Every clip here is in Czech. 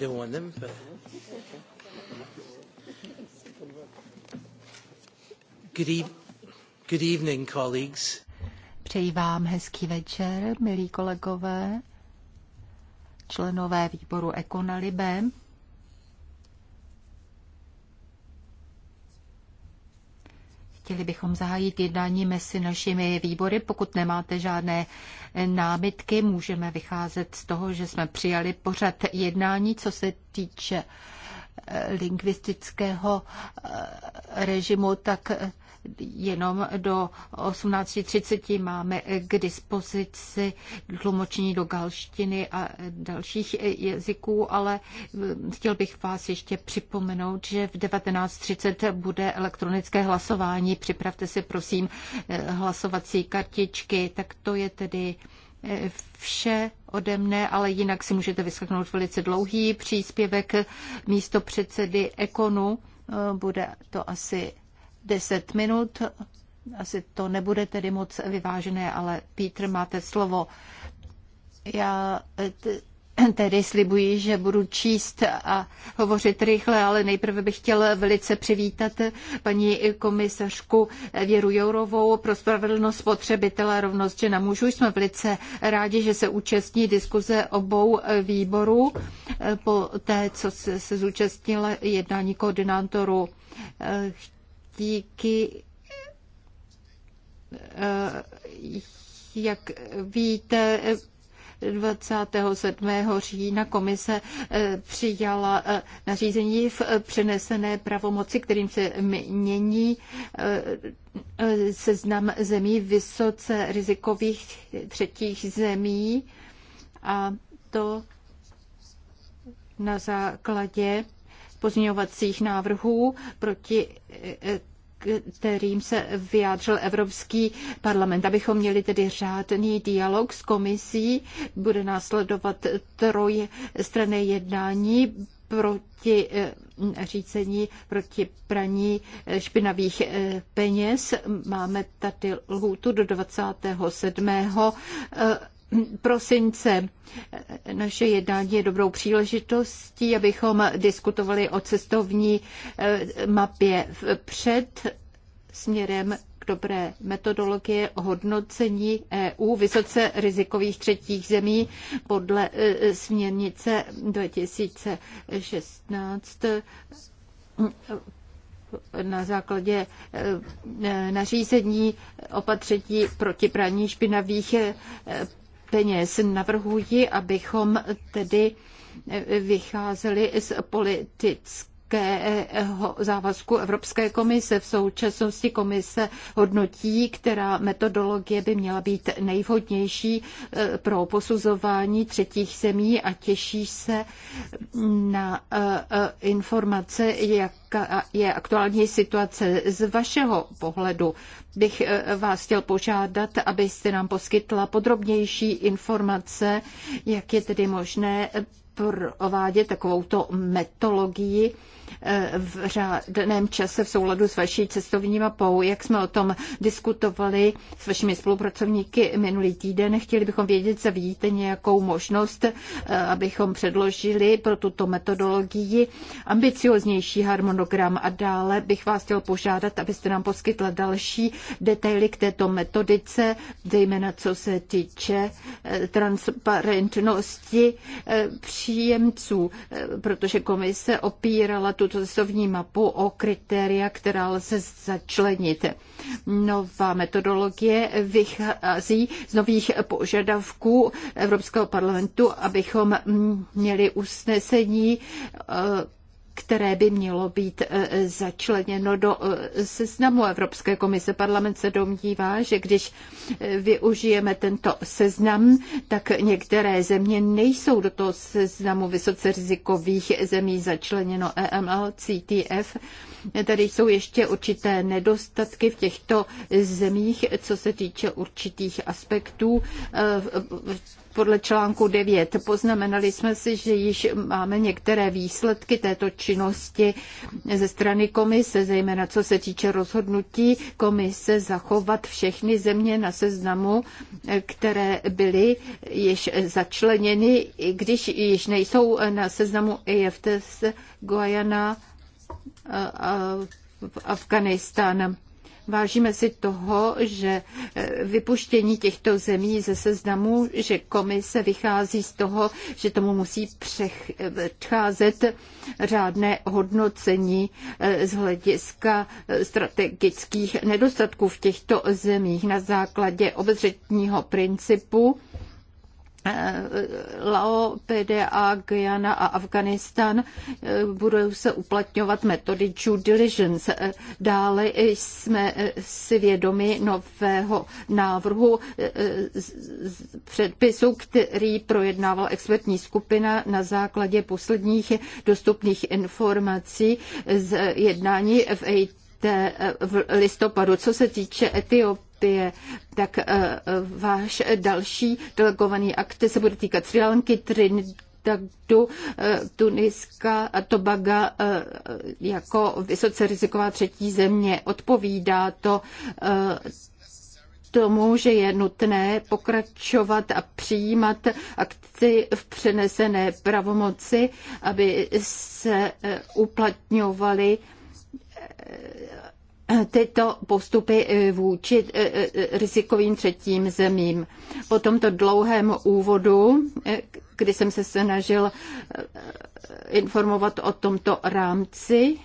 don't want them, but. Good, e- good evening, colleagues. Přeji vám hezký večer, milí kolegové, členové výboru Ekonalibem. Chtěli bychom zahájit jednání mezi našimi výbory. Pokud nemáte žádné námitky, můžeme vycházet z toho, že jsme přijali pořad jednání, co se týče eh, lingvistického eh, režimu, tak eh, jenom do 18.30 máme k dispozici tlumočení do galštiny a dalších jazyků, ale chtěl bych vás ještě připomenout, že v 19.30 bude elektronické hlasování. Připravte si prosím hlasovací kartičky, tak to je tedy vše ode mne, ale jinak si můžete vyslechnout velice dlouhý příspěvek místo předsedy Ekonu. Bude to asi 10 minut. Asi to nebude tedy moc vyvážené, ale Pítr, máte slovo. Já eh, tedy slibuji, že budu číst a hovořit rychle, ale nejprve bych chtěl velice přivítat paní komisařku Věru Jourovou pro spravedlnost spotřebitele rovnost žena mužů. Jsme velice rádi, že se účastní diskuze obou výborů eh, po té, co se, se zúčastnila jednání koordinátoru. Eh, díky eh, jak víte, 27. října komise eh, přijala eh, nařízení v přenesené pravomoci, kterým se mění seznam zemí vysoce rizikových třetích zemí a to na základě pozměňovacích návrhů proti kterým se vyjádřil Evropský parlament. Abychom měli tedy řádný dialog s komisí, bude následovat troj strany jednání proti eh, řícení, proti praní eh, špinavých eh, peněz. Máme tady lhůtu do 27 prosince. Naše jednání je dobrou příležitostí, abychom diskutovali o cestovní eh, mapě před směrem k dobré metodologie hodnocení EU vysoce rizikových třetích zemí podle eh, směrnice 2016 eh, na základě nařízení opatření proti praní špinavých peněz. Navrhuji, abychom tedy vycházeli z politické závazku Evropské komise. V současnosti komise hodnotí, která metodologie by měla být nejvhodnější eh, pro posuzování třetích zemí a těší se na eh, eh, informace, jak je aktuální situace z vašeho pohledu. Bych vás chtěl požádat, abyste nám poskytla podrobnější informace, jak je tedy možné provádět takovouto metodologii v řádném čase v souladu s vaší cestovní mapou. Jak jsme o tom diskutovali s vašimi spolupracovníky minulý týden, chtěli bychom vědět, zda vidíte nějakou možnost, eh, abychom předložili pro tuto metodologii ambicioznější harmonogram a dále bych vás chtěl požádat, abyste nám poskytla další detaily k této metodice, zejména co se týče eh, transparentnosti eh, příjemců, protože komise opírala tuto cestovní mapu o kritéria, která lze začlenit. Nová metodologie vychází z nových požadavků Evropského parlamentu, abychom měli usnesení eh, které by mělo být e, začleněno do e, seznamu Evropské komise. Parlament se domnívá, že když e, využijeme tento seznam, tak některé země nejsou do toho seznamu vysoce rizikových zemí začleněno EML, CTF, Tady jsou ještě určité nedostatky v těchto zemích, co se týče určitých aspektů podle článku 9. Poznamenali jsme si, že již máme některé výsledky této činnosti ze strany komise, zejména co se týče rozhodnutí komise zachovat všechny země na seznamu, které byly již začleněny, když již nejsou na seznamu EFTS Guayana, Afganistán. Vážíme si toho, že e, vypuštění těchto zemí ze seznamu, že komise vychází z toho, že tomu musí e, předcházet řádné hodnocení e, z hlediska strategických nedostatků v těchto zemích na základě obezřetního principu Eh, Lao, PDA, Guyana a Afganistan eh, budou se uplatňovat metody due diligence. Eh, dále jsme si vědomi nového návrhu předpisu, který projednávala expertní skupina na základě posledních dostupných informací z jednání FAT v listopadu. Co se týče Etiopie, pije, tak eh, eh, váš další delegovaný akt se bude týkat Sri Lanky, Trinidadu, eh, Tuniska a Tobaga jako vysoce riziková třetí země. Odpovídá to tomu, že je nutné pokračovat a přijímat akci v přenesené pravomoci, aby se uplatňovaly tyto postupy eh, vůči eh, eh, rizikovým třetím zemím. Po tomto dlouhém úvodu, kdy jsem se snažil informovat o tomto rámci,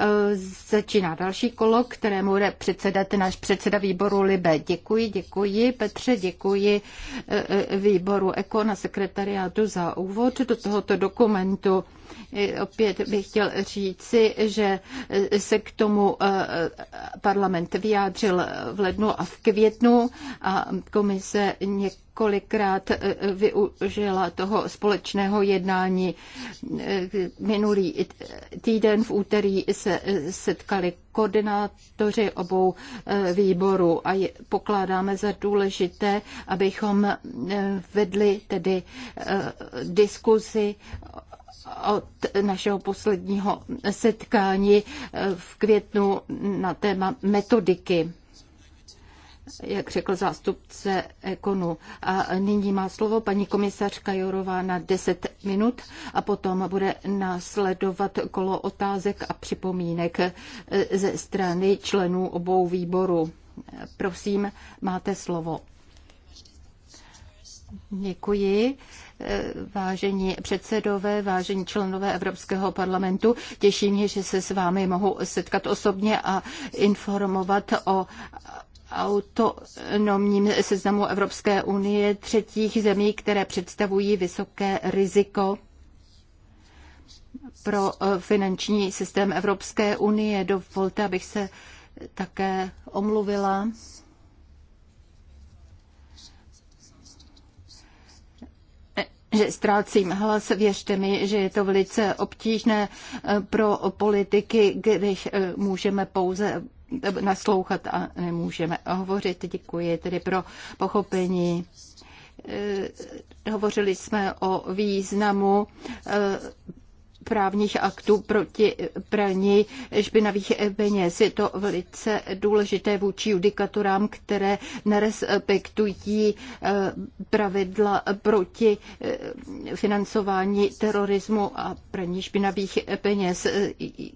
Eh, začíná další kolo, kterému bude předsedat náš předseda výboru Libe. Děkuji, děkuji Petře, děkuji eh, eh, výboru ECO na sekretariátu za úvod do tohoto dokumentu. Opět bych chtěl říci, že se k tomu parlament vyjádřil v lednu a v květnu a komise několik kolikrát eh, eh, využila toho společného jednání. Eh, minulý týden v úterý se setkali koordinátoři obou výborů a pokládáme za důležité, abychom vedli tedy diskuzi od našeho posledního setkání v květnu na téma metodiky jak řekl zástupce Ekonu. A nyní má slovo paní komisařka Jorová na 10 minut a potom bude následovat kolo otázek a připomínek e, ze strany členů obou výborů. Prosím, máte slovo. Děkuji. E, vážení předsedové, vážení členové Evropského parlamentu, těší mě, že se s vámi mohu setkat osobně a informovat o autonomním seznamu Evropské unie třetích zemí, které představují vysoké riziko pro eh, finanční systém Evropské unie. Dovolte, abych se také omluvila. že ztrácím hlas. Věřte mi, že je to velice obtížné eh, pro politiky, když eh, můžeme pouze naslouchat a nemůžeme hovořit. Děkuji tedy pro pochopení. Eh, hovořili jsme o významu eh, právních aktů proti praní špinavých peněz. Je to velice důležité vůči judikaturám, které nerespektují eh, pravidla proti eh, financování terorismu a praní špinavých peněz.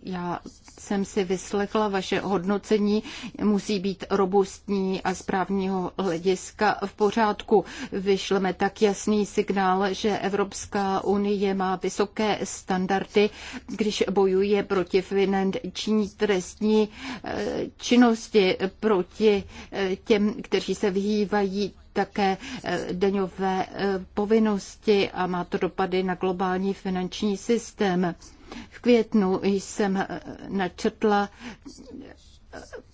Já jsem si vyslechla vaše hodnocení, musí být robustní a z právního hlediska v pořádku. Vyšleme tak jasný signál, že Evropská unie má vysoké standardy standardy, když bojuje proti finanční trestní eh, činnosti, proti eh, těm, kteří se vyhývají také eh, daňové povinnosti a má to dopady na globální finanční systém. V květnu jsem načetla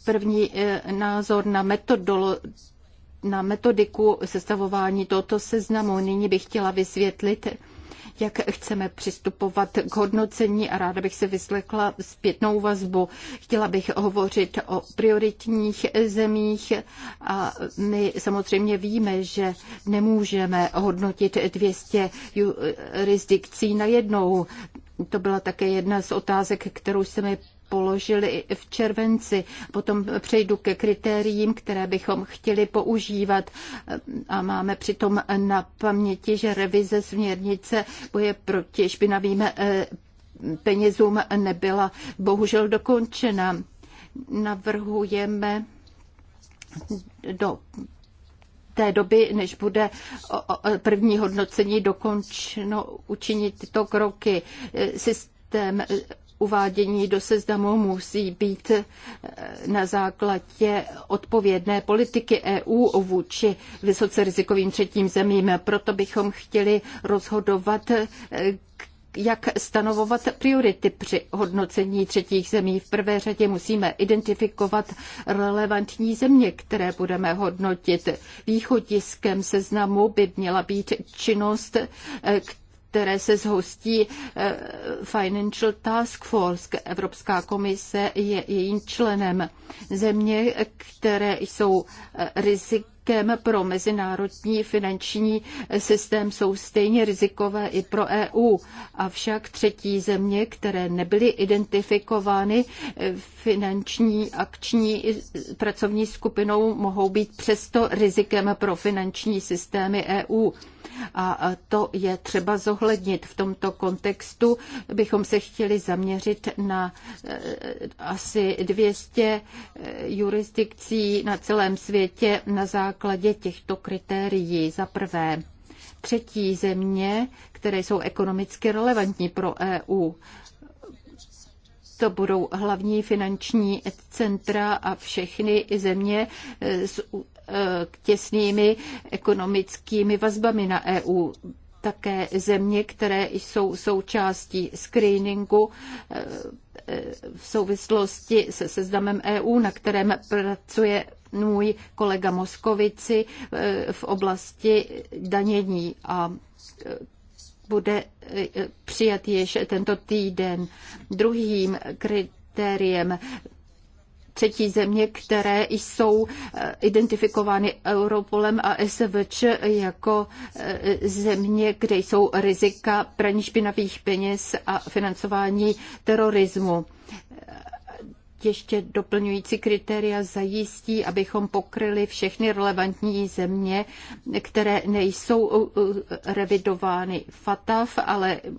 první názor na metodolo, na metodiku sestavování tohoto seznamu. Nyní bych chtěla vysvětlit, jak chceme přistupovat k hodnocení a ráda bych se vyslechla zpětnou vazbu. Chtěla bych hovořit o prioritních zemích a my samozřejmě víme, že nemůžeme hodnotit 200 jurisdikcí najednou. To byla také jedna z otázek, kterou se mi položili v červenci. Potom přejdu ke kritériím, které bychom chtěli používat a máme přitom na paměti, že revize směrnice boje proti špinavým eh, penězům nebyla bohužel dokončena. Navrhujeme do té doby, než bude první hodnocení dokončeno, učinit tyto kroky. Systém uvádění do seznamu musí být eh, na základě odpovědné politiky EU vůči vysoce rizikovým třetím zemím. Proto bychom chtěli rozhodovat, eh, jak stanovovat priority při hodnocení třetích zemí. V prvé řadě musíme identifikovat relevantní země, které budeme hodnotit. Východiskem seznamu by měla být činnost, která eh, které se zhostí eh, Financial Task Force. Evropská komise je jejím členem. Země, které jsou eh, rizik rizikem pro mezinárodní finanční systém, jsou stejně rizikové i pro EU. Avšak třetí země, které nebyly identifikovány finanční akční pracovní skupinou, mohou být přesto rizikem pro finanční systémy EU. A to je třeba zohlednit. V tomto kontextu bychom se chtěli zaměřit na e, asi 200 e, jurisdikcí na celém světě na základě základě těchto kritérií. Za prvé, třetí země, které jsou ekonomicky relevantní pro EU. To budou hlavní finanční centra a všechny země s e, těsnými ekonomickými vazbami na EU. Také země, které jsou součástí screeningu e, e, v souvislosti se seznamem EU, na kterém pracuje můj kolega Moskovici eh, v oblasti danění a eh, bude eh, přijat již tento týden. Druhým kritériem třetí země, které jsou identifikovány Europolem a SVČ jako země, kde jsou rizika praní špinavých peněz a financování terorismu ještě doplňující kritéria zajistí, abychom pokryli všechny relevantní země, které nejsou uh, uh, revidovány FATAF, ale uh,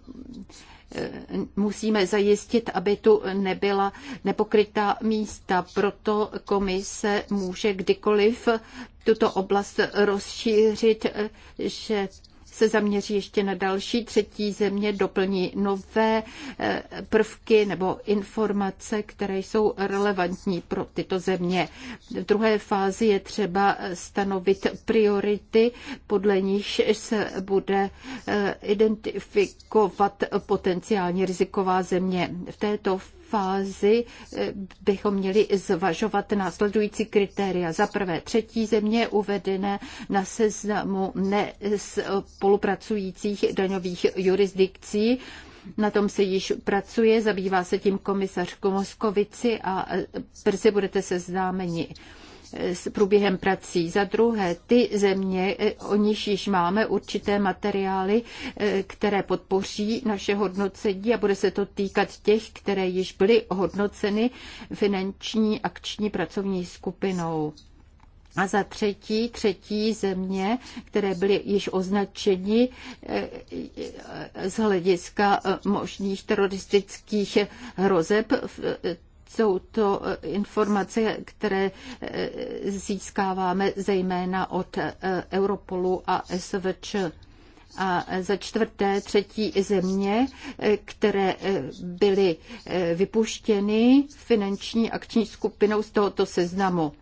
musíme zajistit, aby tu nebyla nepokrytá místa. Proto komise může kdykoliv tuto oblast rozšířit, že se zaměří ještě na další třetí země, doplní nové eh, prvky nebo informace, které jsou relevantní pro tyto země. V druhé fázi je třeba stanovit priority, podle níž se bude eh, identifikovat potenciálně riziková země. V této fázi eh, bychom měli zvažovat následující kritéria. Za prvé, třetí země uvedené na seznamu nespolupracujících daňových jurisdikcí. Na tom se již pracuje, zabývá se tím komisař Komoskovici a brzy budete seznámeni s průběhem prací. Za druhé, ty země, e, o nich již máme určité materiály, e, které podpoří naše hodnocení a bude se to týkat těch, které již byly hodnoceny finanční akční pracovní skupinou. A za třetí, třetí země, které byly již označeni e, z hlediska možných teroristických hrozeb v jsou to eh, informace, které eh, získáváme zejména od eh, Europolu a SVČ. A za čtvrté, třetí země, které byly vypuštěny finanční akční skupinou z tohoto seznamu.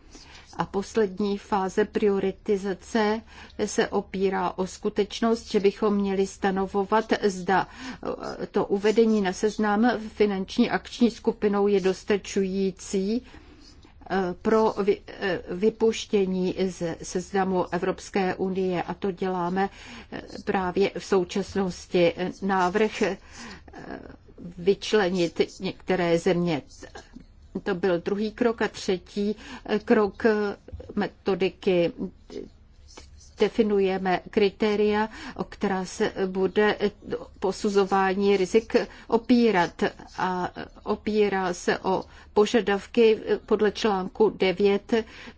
A poslední fáze prioritizace se opírá o skutečnost, že bychom měli stanovovat, zda eh, to uvedení na seznam finanční akční skupinou je dostačující eh, pro eh, vypuštění ze seznamu Evropské unie a to děláme právě v současnosti. Návrh vyčlenit některé země to byl druhý krok a třetí krok metodiky definujeme kritéria, o která se bude posuzování rizik opírat. A opírá se o požadavky podle článku 9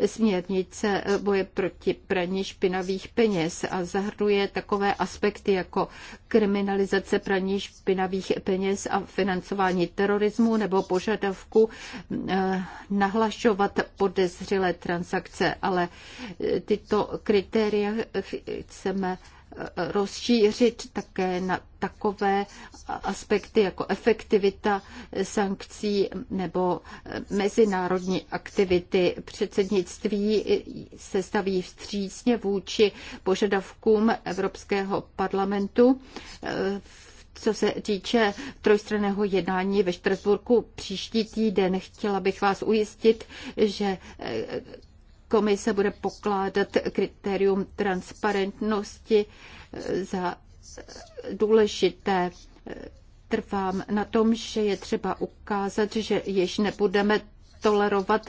směrnice boje proti praní špinavých peněz a zahrnuje takové aspekty jako kriminalizace praní špinavých peněz a financování terorismu nebo požadavku eh, nahlašovat podezřelé transakce. Ale eh, tyto kritéria chceme eh, rozšířit také na takové aspekty jako efektivita sankcí nebo eh, mezinárodní aktivity. Předsednictví se staví vstřícně vůči požadavkům Evropského parlamentu eh, co se týče trojstranného jednání ve Štrasburku příští týden. Chtěla bych vás ujistit, že komise bude pokládat kritérium transparentnosti eh, za eh, důležité. Trvám na tom, že je třeba ukázat, že již nebudeme tolerovat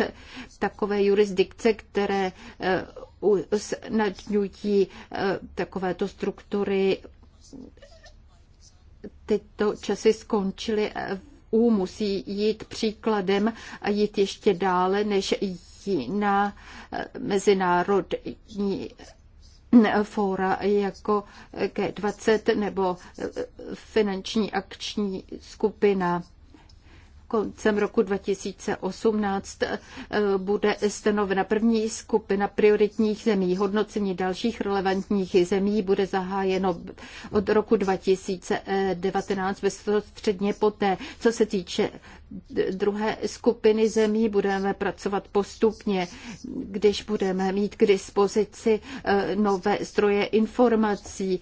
takové jurisdikce, které eh, usnadňují takovéto struktury. Tyto časy skončily EU musí jít příkladem a jít ještě dále, než na eh, mezinárodní eh, fóra jako G20 nebo eh, finanční akční skupina koncem roku 2018 bude stanovena první skupina prioritních zemí. Hodnocení dalších relevantních zemí bude zahájeno od roku 2019 bezprostředně poté, co se týče druhé skupiny zemí budeme pracovat postupně, když budeme mít k dispozici e, nové zdroje informací,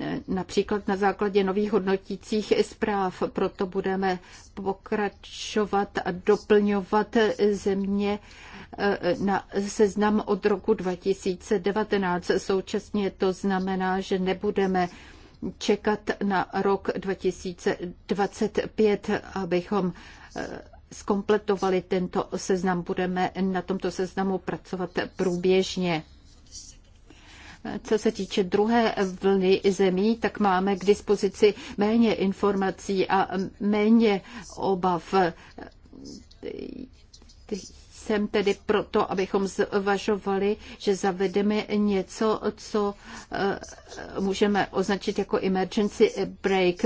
e, například na základě nových hodnotících zpráv. Proto budeme pokračovat a doplňovat země e, na seznam od roku 2019. Současně to znamená, že nebudeme čekat na rok 2025, abychom skompletovali eh, tento seznam. Budeme na tomto seznamu pracovat průběžně. Co se týče druhé vlny zemí, tak máme k dispozici méně informací a méně obav jsem tedy proto, abychom zvažovali, že zavedeme něco, co eh, můžeme označit jako emergency break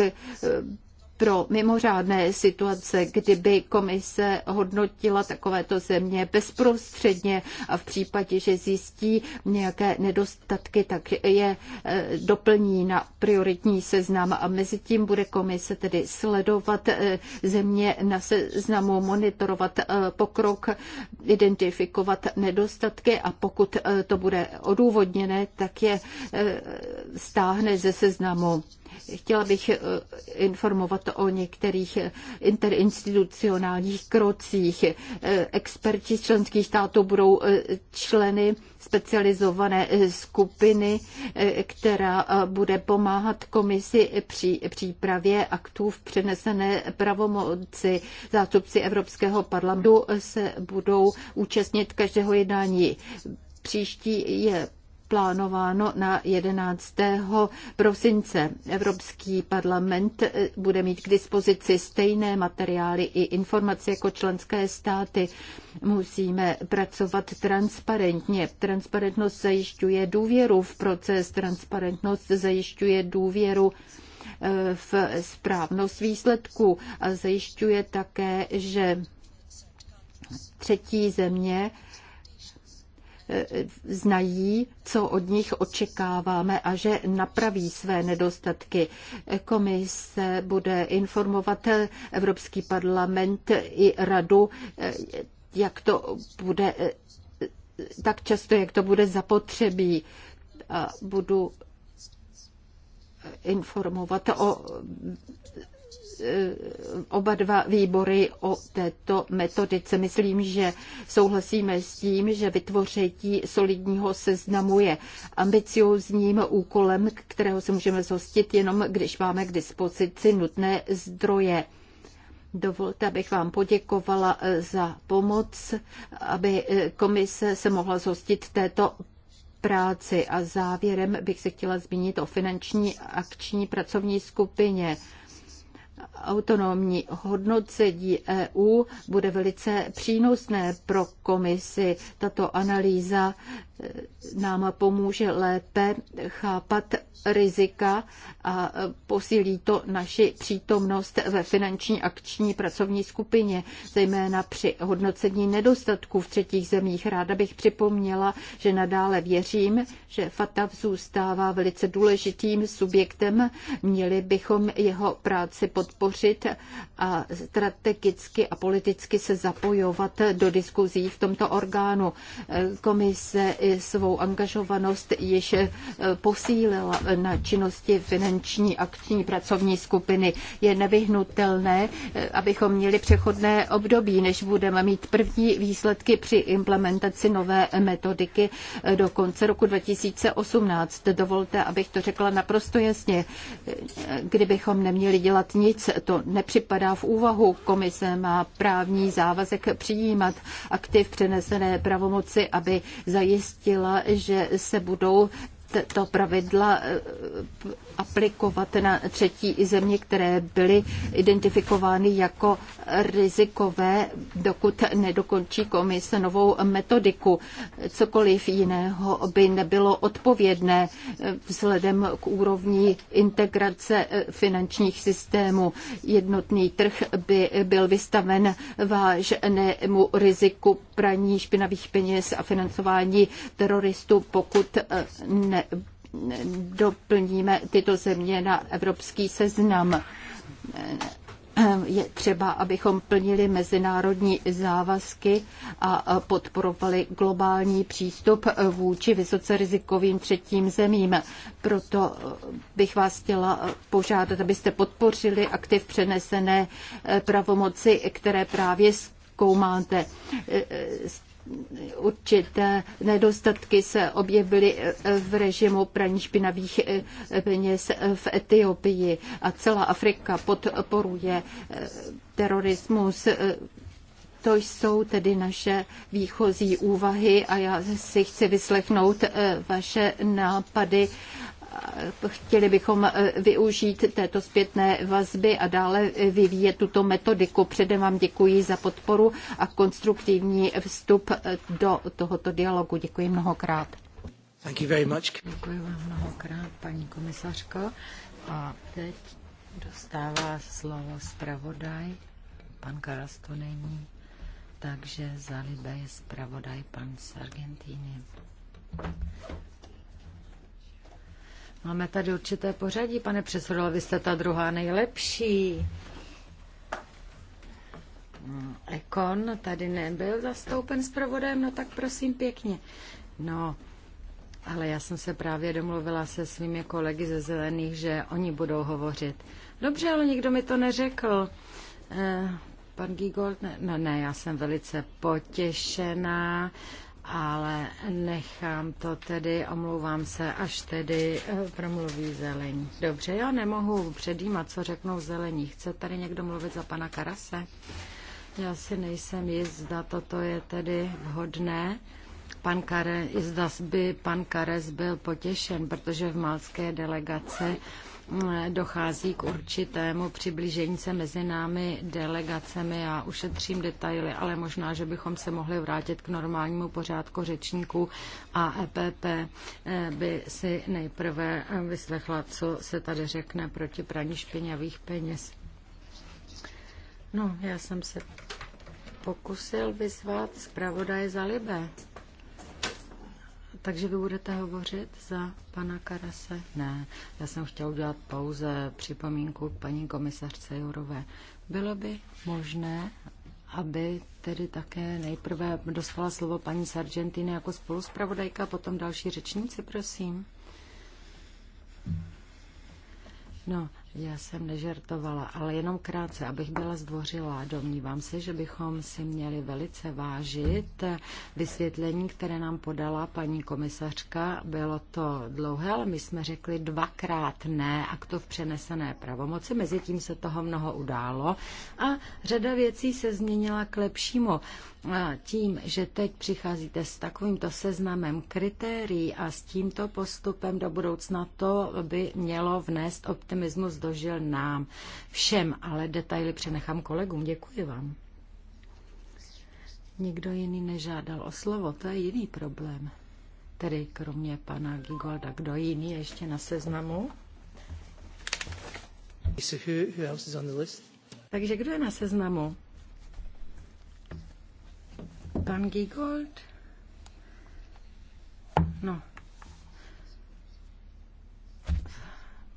pro mimořádné situace, kdyby komise hodnotila takovéto země bezprostředně a v případě, že zjistí nějaké nedostatky, tak je eh, doplní na prioritní seznam a mezi tím bude komise tedy sledovat eh, země na seznamu, monitorovat eh, pokrok, identifikovat nedostatky a pokud to bude odůvodněné, tak je stáhne ze seznamu. Chtěla bych eh, informovat o některých eh, interinstitucionálních krocích. Eh, experti z členských států budou členy specializované skupiny, která bude pomáhat komisi při přípravě aktů v přenesené pravomoci. Zástupci Evropského parlamentu se budou účastnit každého jednání. Příští je plánováno na 11. prosince. Evropský parlament eh, bude mít k dispozici stejné materiály i informace jako členské státy. Musíme pracovat transparentně. Transparentnost zajišťuje důvěru v proces, transparentnost zajišťuje důvěru eh, v správnost výsledků a zajišťuje také, že třetí země E, znají, co od nich očekáváme a že napraví své nedostatky. Komise bude informovat Evropský parlament i radu, e, jak to bude e, tak často, jak to bude zapotřebí. A budu informovat o Eh, oba dva výbory o této metodice. Myslím, že souhlasíme s tím, že vytvoření solidního seznamu je ambiciozním úkolem, kterého se můžeme zhostit jenom, když máme k dispozici nutné zdroje. Dovolte, abych vám poděkovala eh, za pomoc, aby eh, komise se mohla zhostit této práci. A závěrem bych se chtěla zmínit o finanční akční pracovní skupině autonomní hodnocení EU bude velice přínosné pro komisi. Tato analýza eh, nám pomůže lépe chápat rizika a eh, posílí to naši přítomnost ve finanční akční pracovní skupině, zejména při hodnocení nedostatků v třetích zemích. Ráda bych připomněla, že nadále věřím, že FATAV zůstává velice důležitým subjektem. Měli bychom jeho práci pod podpořit a strategicky a politicky se zapojovat do diskuzí v tomto orgánu. Komise svou angažovanost již posílila na činnosti finanční akční pracovní skupiny. Je nevyhnutelné, abychom měli přechodné období, než budeme mít první výsledky při implementaci nové metodiky do konce roku 2018. Dovolte, abych to řekla naprosto jasně. Kdybychom neměli dělat nic, vůbec to nepřipadá v úvahu. Komise má právní závazek přijímat aktiv přenesené pravomoci, aby zajistila, že se budou to pravidla eh, aplikovat na třetí země, které byly identifikovány jako rizikové, dokud nedokončí komise novou metodiku. Cokoliv jiného by nebylo odpovědné vzhledem k úrovni integrace finančních systémů. Jednotný trh by byl vystaven vážnému riziku praní špinavých peněz a financování teroristů, pokud ne doplníme tyto země na evropský seznam. Je třeba, abychom plnili mezinárodní závazky a podporovali globální přístup vůči vysoce rizikovým třetím zemím. Proto bych vás chtěla požádat, abyste podpořili aktiv přenesené pravomoci, které právě zkoumáte určité nedostatky se objevily v režimu praní špinavých peněz v Etiopii a celá Afrika podporuje terorismus. To jsou tedy naše výchozí úvahy a já si chci vyslechnout vaše nápady chtěli bychom eh, využít této zpětné vazby a dále eh, vyvíjet tuto metodiku. Předem vám děkuji za podporu a konstruktivní vstup eh, do tohoto dialogu. Děkuji mnohokrát. Thank you very much. Děkuji vám mnohokrát, paní komisařko. A teď dostává slovo zpravodaj. Pan Karas to není, takže za Libe je zpravodaj pan z Máme tady určité pořadí, pane předsedo, vy jste ta druhá nejlepší. Hmm, Ekon tady nebyl zastoupen s provodem, no tak prosím pěkně. No, ale já jsem se právě domluvila se svými kolegy ze Zelených, že oni budou hovořit. Dobře, ale nikdo mi to neřekl. Eh, pan Gigold, ne, no ne, já jsem velice potěšená ale nechám to tedy, omlouvám se, až tedy eh, promluví zelení. Dobře, já nemohu předjímat, co řeknou zelení. Chce tady někdo mluvit za pana Karase? Já si nejsem jist, zda toto je tedy vhodné. Pan Kare, zda by pan Kares byl potěšen, protože v malské delegaci dochází k určitému přiblížení se mezi námi delegacemi. Já ušetřím detaily, ale možná, že bychom se mohli vrátit k normálnímu pořádku řečníků a EPP eh, by si nejprve eh, vyslechla, co se tady řekne proti praní špinavých peněz. No, já jsem se pokusil vyzvat zpravodaje za Libé. Takže vy budete hovořit za pana Karase? Ne, já jsem chtěl udělat pouze připomínku paní komisařce Jurové. Bylo by možné, aby tedy také nejprve dostala slovo paní Sargentiny jako spoluspravodajka, potom další řečníci, prosím. No, já jsem nežertovala, ale jenom krátce, abych byla zdvořilá. Domnívám se, že bychom si měli velice vážit vysvětlení, které nám podala paní komisařka. Bylo to dlouhé, ale my jsme řekli dvakrát ne, a to v přenesené pravomoci. Mezitím se toho mnoho událo a řada věcí se změnila k lepšímu. A tím, že teď přicházíte s takovýmto seznamem kritérií a s tímto postupem do budoucna, to by mělo vnést optimismus dožil nám všem, ale detaily přenechám kolegům. Děkuji vám. Nikdo jiný nežádal o slovo, to je jiný problém. Tedy kromě pana Gigolda, kdo jiný je ještě na seznamu? So who, who else is on the list? Takže kdo je na seznamu? Pan Gigold? No,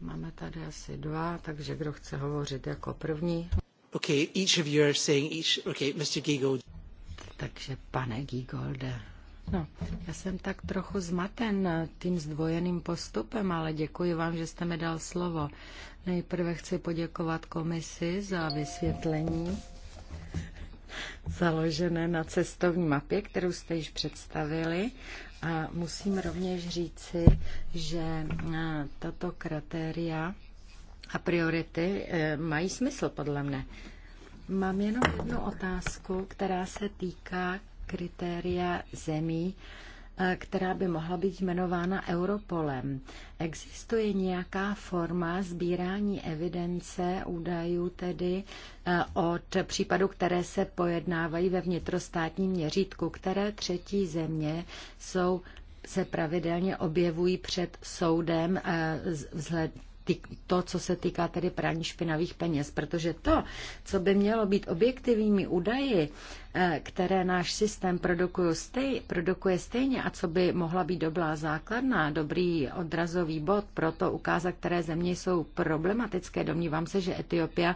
Máme tady asi dva, takže kdo chce hovořit jako první? Okay, each of you are saying each... Okay, Mr. Giegold. Takže pane Giegolde. No, já jsem tak trochu zmaten tím zdvojeným postupem, ale děkuji vám, že jste mi dal slovo. Nejprve chci poděkovat komisi za vysvětlení založené na cestovní mapě, kterou jste již představili a musím rovněž říci, že eh, tato kritéria a priority eh, mají smysl, podle mne. Mám jenom jednu otázku, která se týká kritéria zemí, Eh, která by mohla být jmenována Europolem. Existuje nějaká forma sbírání evidence údajů tedy eh, od případů, které se pojednávají ve vnitrostátním měřítku, které třetí země jsou se pravidelně objevují před soudem eh, vzhled, to, co se týká tedy praní špinavých peněz, protože to, co by mělo být objektivními údaji, eh, které náš systém stej, produkuje stejně a co by mohla být dobrá základna, dobrý odrazový bod pro to ukázat, které země jsou problematické. Domnívám se, že Etiopia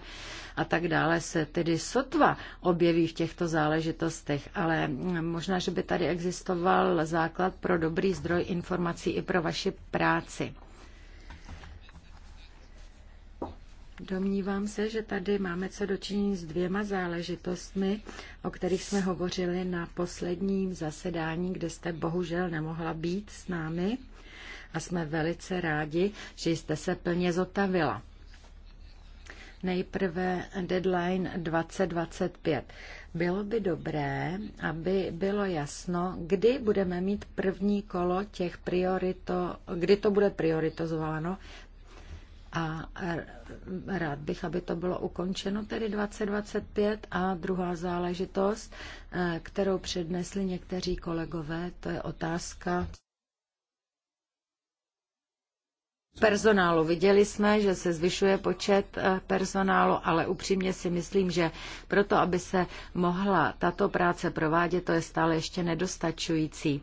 a tak dále se tedy sotva objeví v těchto záležitostech, ale možná, že by tady existoval základ pro dobrý zdroj informací i pro vaši práci. Domnívám se, že tady máme co dočinit s dvěma záležitostmi, o kterých jsme hovořili na posledním zasedání, kde jste bohužel nemohla být s námi a jsme velice rádi, že jste se plně zotavila. Nejprve deadline 2025. Bylo by dobré, aby bylo jasno, kdy budeme mít první kolo těch priorito, kdy to bude prioritizováno a rád bych, aby to bylo ukončeno, tedy 2025. A druhá záležitost, eh, kterou přednesli někteří kolegové, to je otázka personálu. Viděli jsme, že se zvyšuje počet eh, personálu, ale upřímně si myslím, že proto, aby se mohla tato práce provádět, to je stále ještě nedostačující.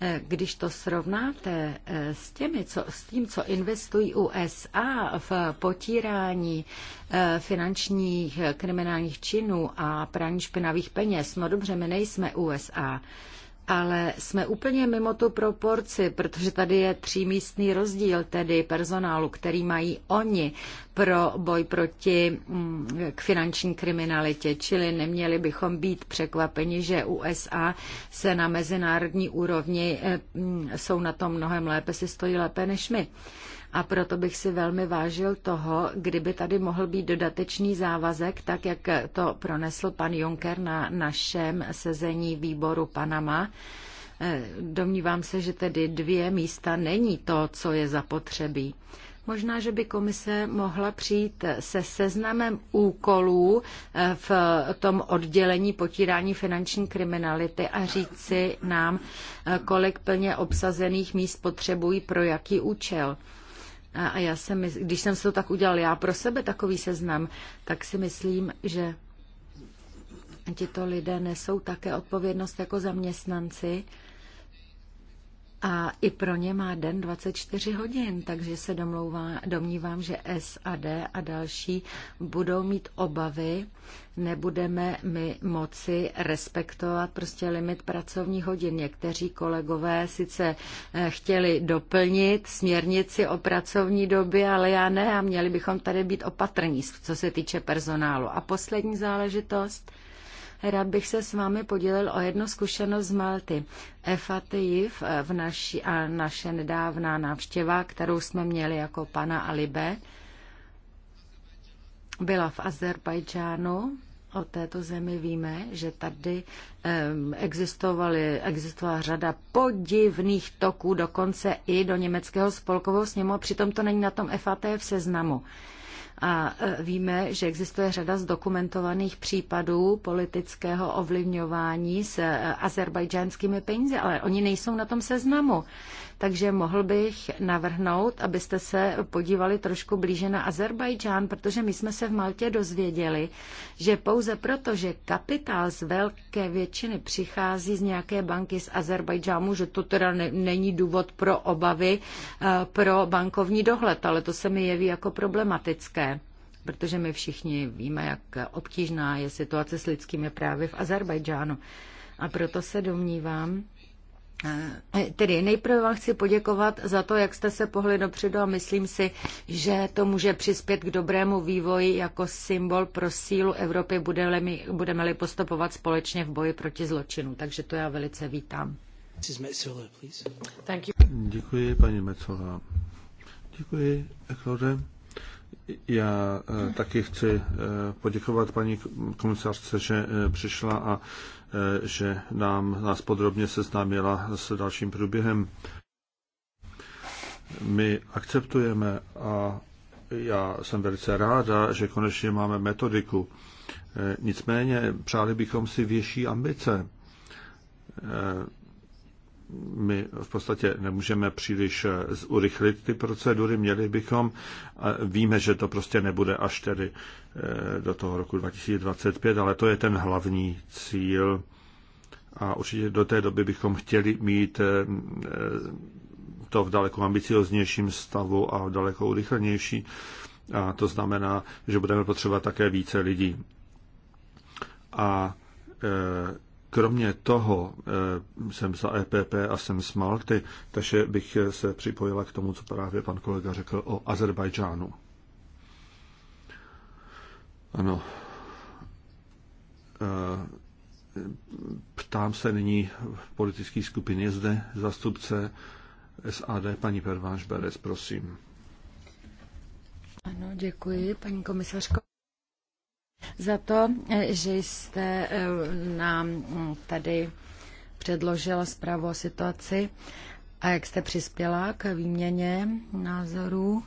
Eh, když to srovnáte eh, s, těmi, co, s tím, co investují USA v potírání eh, finančních kriminálních činů a praní špinavých peněz, no dobře, my nejsme USA, ale jsme úplně mimo tu proporci, protože tady je třímístný rozdíl tedy personálu, který mají oni pro boj proti mm, k finanční kriminalitě. Čili neměli bychom být překvapeni, že USA se na mezinárodní úrovni eh, mm, jsou na tom mnohem lépe, si stojí lépe než my. A proto bych si velmi vážil toho, kdyby tady mohl být dodatečný závazek, tak jak to pronesl pan Juncker na našem sezení výboru Panama. Eh, domnívám se, že tedy dvě místa není to, co je zapotřebí. Možná, že by komise mohla přijít se seznamem úkolů eh, v tom oddělení potírání finanční kriminality a říct si nám, eh, kolik plně obsazených míst potřebují pro jaký účel. A já jsem, když jsem si to tak udělal já pro sebe takový seznam, tak si myslím, že tito lidé nesou také odpovědnost jako zaměstnanci a i pro ně má den 24 hodin, takže se domlouvá, domnívám, že SAD a další budou mít obavy, nebudeme my moci respektovat prostě limit pracovních hodin. Někteří kolegové sice eh, chtěli doplnit směrnici o pracovní době, ale já ne a měli bychom tady být opatrní, co se týče personálu. A poslední záležitost – Rád bych se s vámi podělil o jednu zkušenost z Malty. Efatyiv eh, v naší, a naše nedávná návštěva, kterou jsme měli jako pana Alibe, byla v Azerbajdžánu. O této zemi víme, že tady eh, existovala řada podivných toků, dokonce i do německého spolkového sněmu, přitom to není na tom FATF seznamu. A e, víme, že existuje řada zdokumentovaných případů politického ovlivňování s e, azerbajdžánskými peníze, ale oni nejsou na tom seznamu takže mohl bych navrhnout, abyste se podívali trošku blíže na Azerbajdžán, protože my jsme se v Maltě dozvěděli, že pouze proto, že kapitál z velké většiny přichází z nějaké banky z Azerbajdžánu, že to teda ne, není důvod pro obavy eh, pro bankovní dohled, ale to se mi jeví jako problematické protože my všichni víme, jak obtížná je situace s lidskými právy v Azerbajdžánu. A proto se domnívám, Eh, tedy nejprve vám chci poděkovat za to, jak jste se pohli dopředu a myslím si, že to může přispět k dobrému vývoji jako symbol pro sílu Evropy, budeme-li, budeme postupovat společně v boji proti zločinu. Takže to já velice vítám. Děkuji, paní Metzová. Děkuji, Eklode. Já eh, taky chci eh, poděkovat paní komisařce, že přišla a Eh, že nám nás podrobně seznámila s dalším průběhem. My akceptujeme a já jsem velice ráda, že konečně máme metodiku. Eh, nicméně přáli bychom si větší ambice eh, my v podstatě nemůžeme příliš eh, urychlit ty procedury, měli bychom, víme, že to prostě nebude až tedy eh, do toho roku 2025, ale to je ten hlavní cíl a určitě do té doby bychom chtěli mít eh, to v daleko ambicioznějším stavu a v daleko urychlenější a to znamená, že budeme potřebovat také více lidí. A Kromě toho eh, jsem za EPP a jsem z Malty, takže bych eh, se připojila k tomu, co právě pan kolega řekl o Azerbajdžánu. Ano. Eh, ptám se nyní politických skupin. Je zde zastupce SAD, paní Perváš Beres, prosím. Ano, děkuji, paní komisařko za to, že jste eh, nám mm, tady předložila zprávu o situaci a jak jste přispěla k výměně názorů.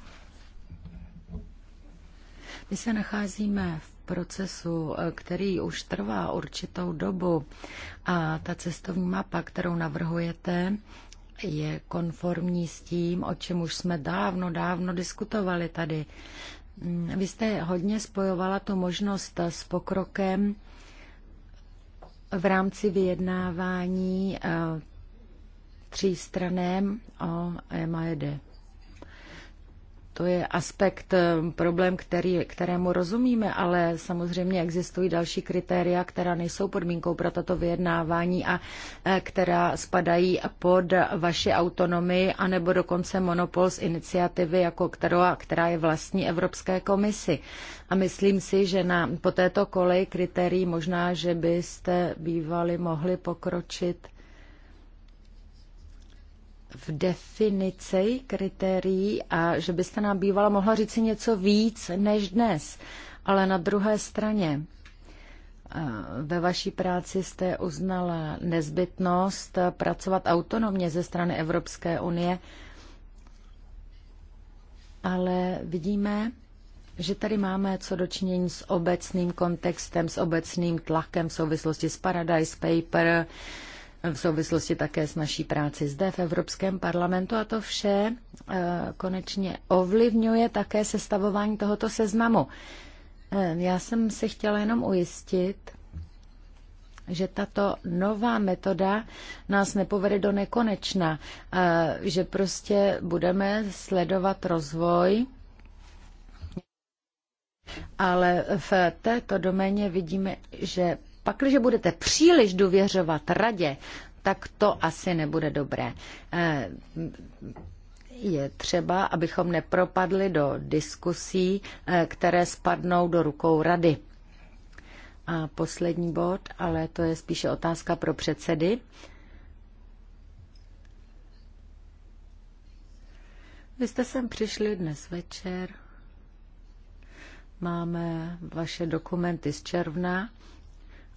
My se nacházíme v procesu, eh, který už trvá určitou dobu a ta cestovní mapa, kterou navrhujete, je konformní s tím, o čem už jsme dávno, dávno diskutovali tady. Vy jste hodně spojovala tu možnost s pokrokem v rámci vyjednávání eh, tří stranem o MAED to je aspekt, eh, problém, který, kterému rozumíme, ale samozřejmě existují další kritéria, která nejsou podmínkou pro tato vyjednávání a eh, která spadají pod vaši autonomii anebo dokonce monopol z iniciativy, jako která, která je vlastní Evropské komisi. A myslím si, že na, po této koleji kritérií možná, že byste bývali mohli pokročit v definici kritérií a že byste nám bývala mohla říci něco víc než dnes. Ale na druhé straně, eh, ve vaší práci jste uznala nezbytnost pracovat autonomně ze strany Evropské unie, ale vidíme, že tady máme co dočinění s obecným kontextem, s obecným tlakem v souvislosti s Paradise Paper, v souvislosti také s naší práci zde v Evropském parlamentu a to vše eh, konečně ovlivňuje také sestavování tohoto seznamu. Eh, já jsem se chtěla jenom ujistit, že tato nová metoda nás nepovede do nekonečna, eh, že prostě budeme sledovat rozvoj ale v této doméně vidíme, že pakliže budete příliš důvěřovat radě, tak to asi nebude dobré. Eh, je třeba, abychom nepropadli do diskusí, eh, které spadnou do rukou rady. A poslední bod, ale to je spíše otázka pro předsedy. Vy jste sem přišli dnes večer. Máme vaše dokumenty z června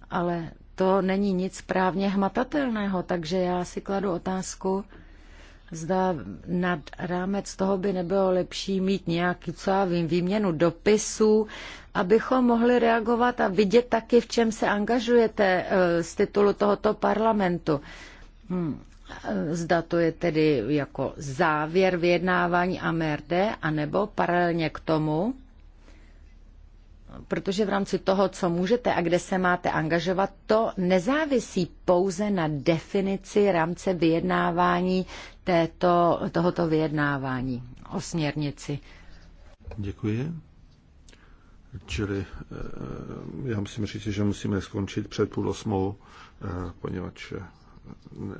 ale to není nic právně hmatatelného, takže já si kladu otázku, zda nad rámec toho by nebylo lepší mít nějaký, co já vím, výměnu dopisů, abychom mohli reagovat a vidět taky, v čem se angažujete eh, z titulu tohoto parlamentu. Hmm. Zda to je tedy jako závěr vyjednávání AMRD, anebo paralelně k tomu protože v rámci toho, co můžete a kde se máte angažovat, to nezávisí pouze na definici rámce vyjednávání této, tohoto vyjednávání o směrnici. Děkuji. Čili eh, já musím říct, že musíme skončit před půl osmou, eh, poněvadž eh,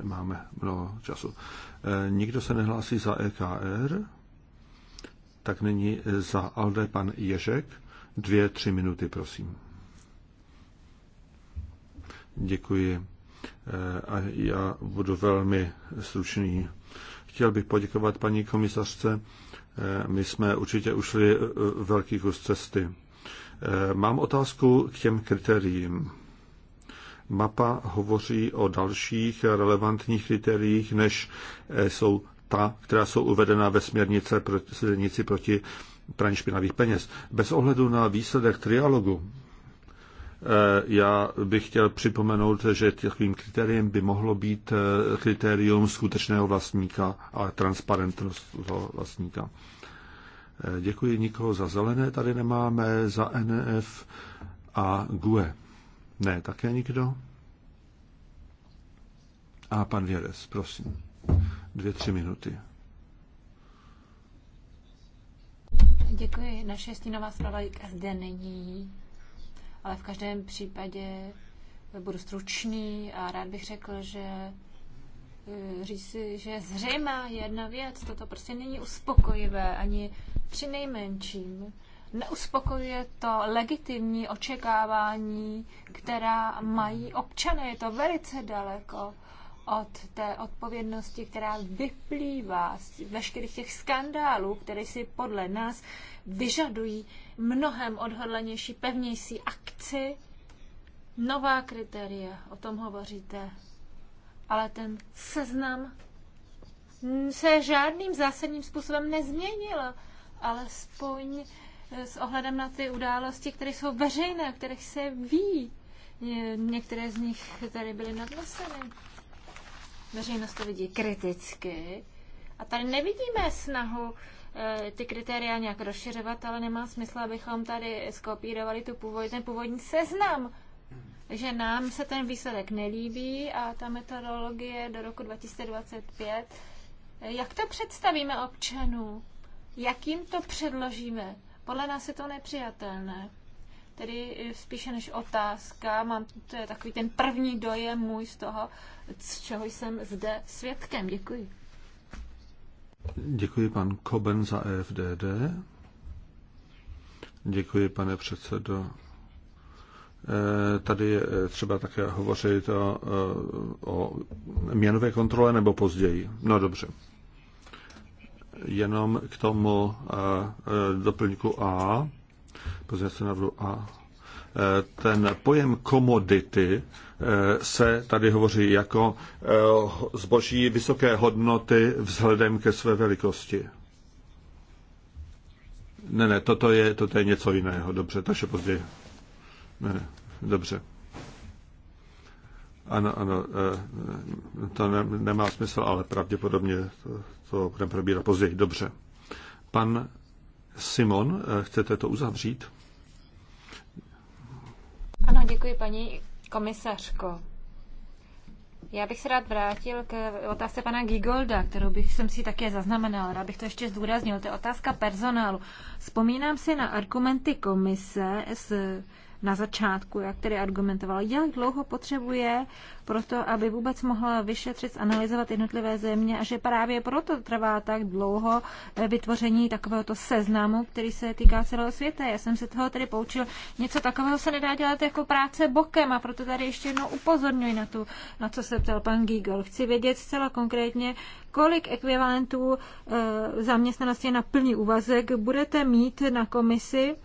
máme mnoho času. Nikdo se nehlásí za EKR, tak není za ALDE pan Ježek. Dvě, tři minuty, prosím. Děkuji. Eh, a já budu velmi stručný. Chtěl bych poděkovat paní komisařce. Eh, my jsme určitě ušli eh, velký kus cesty. Mám otázku k těm kritériím. Mapa hovoří o dalších relevantních kritériích, než jsou ta, která jsou uvedena ve směrnici proti, směrnici proti praní špinavých peněz. Bez ohledu na výsledek trialogu, eh, já bych chtěl připomenout, že takovým kritériem by mohlo být eh, kritérium skutečného vlastníka a transparentnost toho vlastníka. Eh, děkuji nikoho za zelené, tady nemáme, za NF a GUE. Ne, také nikdo? A pan Věres, prosím. Dvě, tři minuty. Děkuji. Naše stínová zpravodajka zde není, ale v každém případě budu stručný a rád bych řekl, že eh, říci, že zřejmá jedna věc, toto prostě není uspokojivé ani při nejmenším. Neuspokojuje to legitimní očekávání, která mají občané. Je to velice daleko od té odpovědnosti, která vyplývá z veškerých těch skandálů, které si podle nás vyžadují mnohem odhodlanější, pevnější akci, nová kritéria, o tom hovoříte. Ale ten seznam se žádným zásadním způsobem nezměnil, alespoň s ohledem na ty události, které jsou veřejné, o kterých se ví. Některé z nich tady byly nadneseny. Veřejnost to vidí kriticky. A tady nevidíme snahu eh, ty kritéria nějak rozšiřovat, ale nemá smysl, abychom tady skopírovali tu původ, ten původní seznam. Že nám se ten výsledek nelíbí a ta metodologie do roku 2025. Eh, jak to představíme občanům? Jak jim to předložíme? Podle nás je to nepřijatelné tedy eh, spíše než otázka, mám, to je takový ten první dojem můj z toho, z čeho jsem zde svědkem. Děkuji. Děkuji pan Koben za EFDD. Děkuji, pane předsedo. Eh, tady je eh, třeba také hovořit o, o měnové kontrole nebo později. No dobře. Jenom k tomu doplňku A Pozvěce na A. E, ten pojem komodity e, se tady hovoří jako e, zboží vysoké hodnoty vzhledem ke své velikosti. Ne, ne, toto je, toto je něco jiného. Dobře, takže později. Ne, ne, dobře. Ano, ano, to ne, nemá smysl, ale pravděpodobně to, to budeme probírat později. Dobře. Pan Simon, eh, chcete to uzavřít? Ano, děkuji paní komisařko. Já bych se rád vrátil k otázce pana Gigolda, kterou bych jsem si také zaznamenal. Rád bych to ještě zdůraznil. To je otázka personálu. Vzpomínám si na argumenty komise z na začátku, jak tedy argumentoval, jak dlouho potřebuje proto aby vůbec mohla vyšetřit, analyzovat jednotlivé země a že právě proto trvá tak dlouho eh, vytvoření takovéhoto seznamu, který se týká celého světa. Já jsem se toho tedy poučil. Něco takového se nedá dělat jako práce bokem a proto tady ještě jednou upozorňuji na, tu, na co se ptal pan Gigol. Chci vědět zcela konkrétně, kolik ekvivalentů e, zaměstnanosti na plný úvazek budete mít na komisi,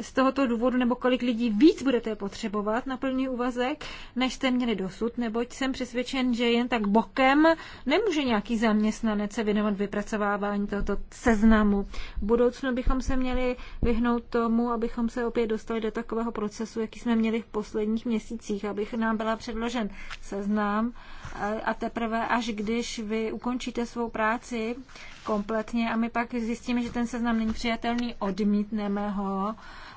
z tohoto důvodu, nebo kolik lidí víc budete potřebovat na plný úvazek, než jste měli dosud, neboť jsem přesvědčen, že jen tak bokem nemůže nějaký zaměstnanec se věnovat vypracovávání tohoto seznamu. V budoucnu bychom se měli vyhnout tomu, abychom se opět dostali do takového procesu, jaký jsme měli v posledních měsících, abych nám byla předložen seznam eh, a teprve až když vy ukončíte svou práci kompletně a my pak zjistíme, že ten seznam není přijatelný, odmítneme ho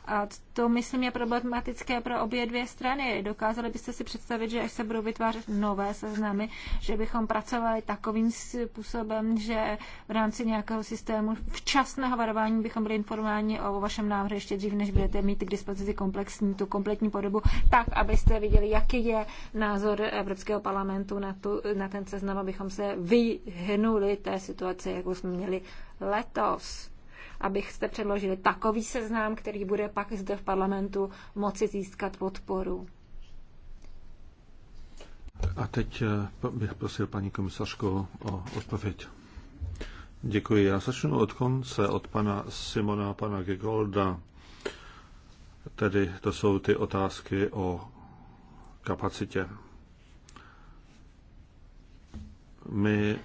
a to, myslím, je problematické pro obě dvě strany. Dokázali byste si představit, že až se budou vytvářet nové seznamy, že bychom pracovali takovým způsobem, že v rámci nějakého systému včasného varování bychom byli informováni o vašem návrhu ještě dřív, než budete mít k dispozici komplexní, tu kompletní podobu, tak, abyste viděli, jaký je názor Evropského parlamentu na, tu, na ten seznam, abychom se vyhnuli té situaci, jakou jsme měli letos abyste předložili takový seznam, který bude pak zde v parlamentu moci získat podporu. A teď eh, bych prosil paní komisařku o odpověď. Děkuji. Já začnu od konce, od pana Simona, pana Gigolda. Tedy to jsou ty otázky o kapacitě. My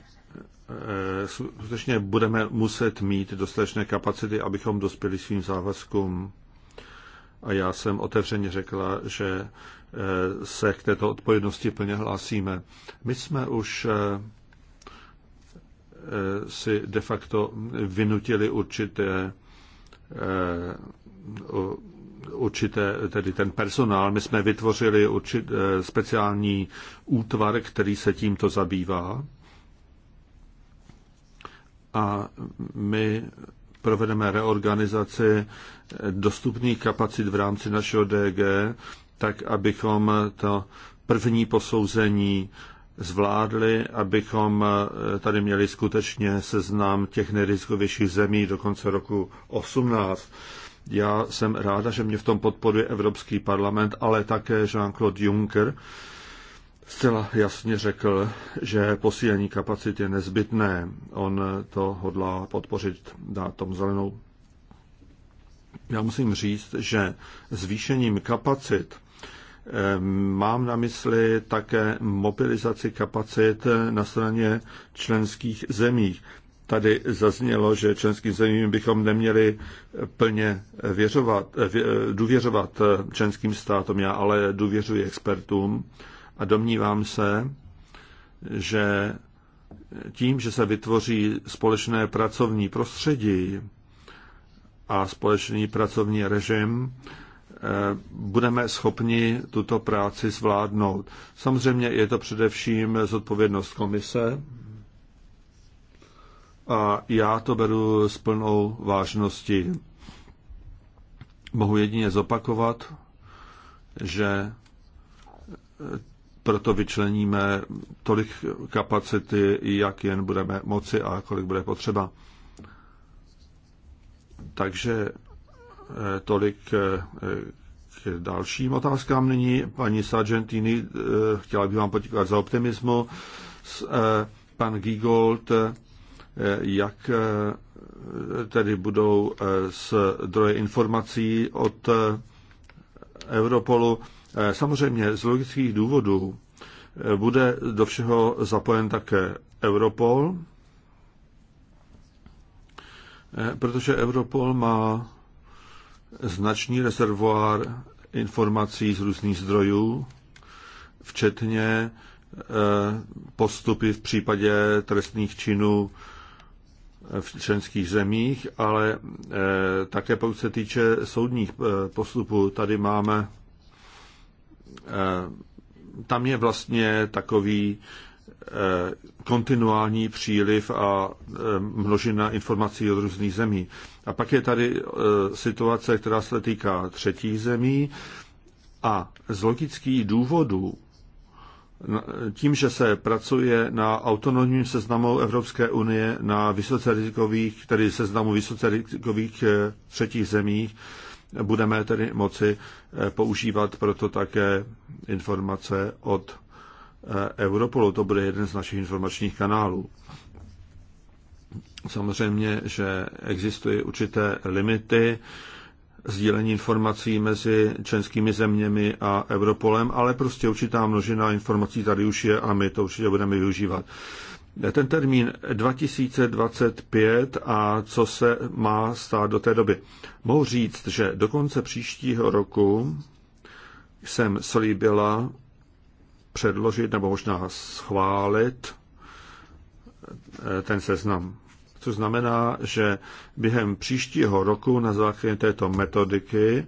Eh, skutečně budeme muset mít dostatečné kapacity, abychom dospěli svým závazkům. A já jsem otevřeně řekla, že eh, se k této odpovědnosti plně hlásíme. My jsme už eh, si de facto vynutili určité určité, tedy ten personál. My jsme vytvořili určit, speciální útvar, který se tímto zabývá a my provedeme reorganizaci dostupných kapacit v rámci našeho DG, tak abychom to první posouzení zvládli, abychom eh, tady měli skutečně seznam těch nejrizikovějších zemí do konce roku 18. Já jsem ráda, že mě v tom podporuje Evropský parlament, ale také Jean-Claude Juncker, zcela jasně řekl, že posílení kapacit je nezbytné. On to hodlá podpořit, dá tom zelenou. Já musím říct, že zvýšením kapacit eh, mám na mysli také mobilizaci kapacit na straně členských zemí. Tady zaznělo, že členským zemím bychom neměli plně věřovat, důvěřovat členským státům. Já ale důvěřuji expertům a domnívám se, že tím, že se vytvoří společné pracovní prostředí a společný pracovní režim, eh, budeme schopni tuto práci zvládnout. Samozřejmě je to především zodpovědnost komise a já to beru s plnou vážností. Mohu jedině zopakovat, že proto vyčleníme tolik kapacity, jak jen budeme moci a kolik bude potřeba. Takže eh, tolik eh, k dalším otázkám nyní. Paní Sargentini, eh, chtěla bych vám poděkovat za optimismu. Pan Gigold, jak tedy budou zdroje informací od Europolu. Eh, samozřejmě z logických důvodů eh, bude do všeho zapojen také Europol, eh, protože Europol má značný rezervoár informací z různých zdrojů, včetně postupy v případě trestných činů v členských zemích, ale také pokud se týče soudních postupů, tady máme Eh, tam je vlastně takový eh, kontinuální příliv a eh, množina informací od různých zemí. A pak je tady situace, která se týká třetích zemí a z logických důvodů tím, že se pracuje na autonomním seznamu Evropské unie na vysoce rizikových, tedy seznamu vysoce rizikových třetích zemích, budeme tedy moci eh, používat proto také informace od eh, Europolu. To bude jeden z našich informačních kanálů. Samozřejmě, že existují určité limity sdílení informací mezi členskými zeměmi a Europolem, ale prostě určitá množina informací tady už je a my to určitě budeme využívat ten termín 2025 a co se má stát do té doby. Mohu říct, že do konce příštího roku jsem slíbila předložit nebo možná schválit eh, ten seznam. Což znamená, že během příštího roku na základě této metodiky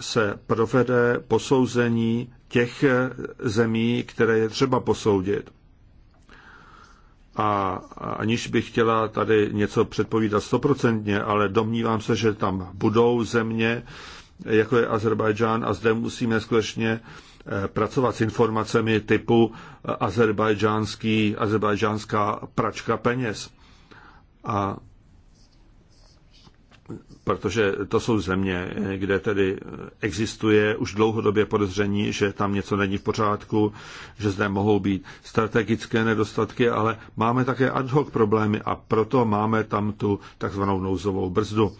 se provede posouzení těch eh, zemí, které je třeba posoudit a aniž bych chtěla tady něco předpovídat stoprocentně, ale domnívám se, že tam budou země, jako je Azerbajdžán a zde musíme skutečně eh, pracovat s informacemi typu eh, azerbajdžánská pračka peněz. A protože to jsou země, kde tedy existuje už dlouhodobě podezření, že tam něco není v pořádku, že zde mohou být strategické nedostatky, ale máme také ad hoc problémy a proto máme tam tu takzvanou nouzovou brzdu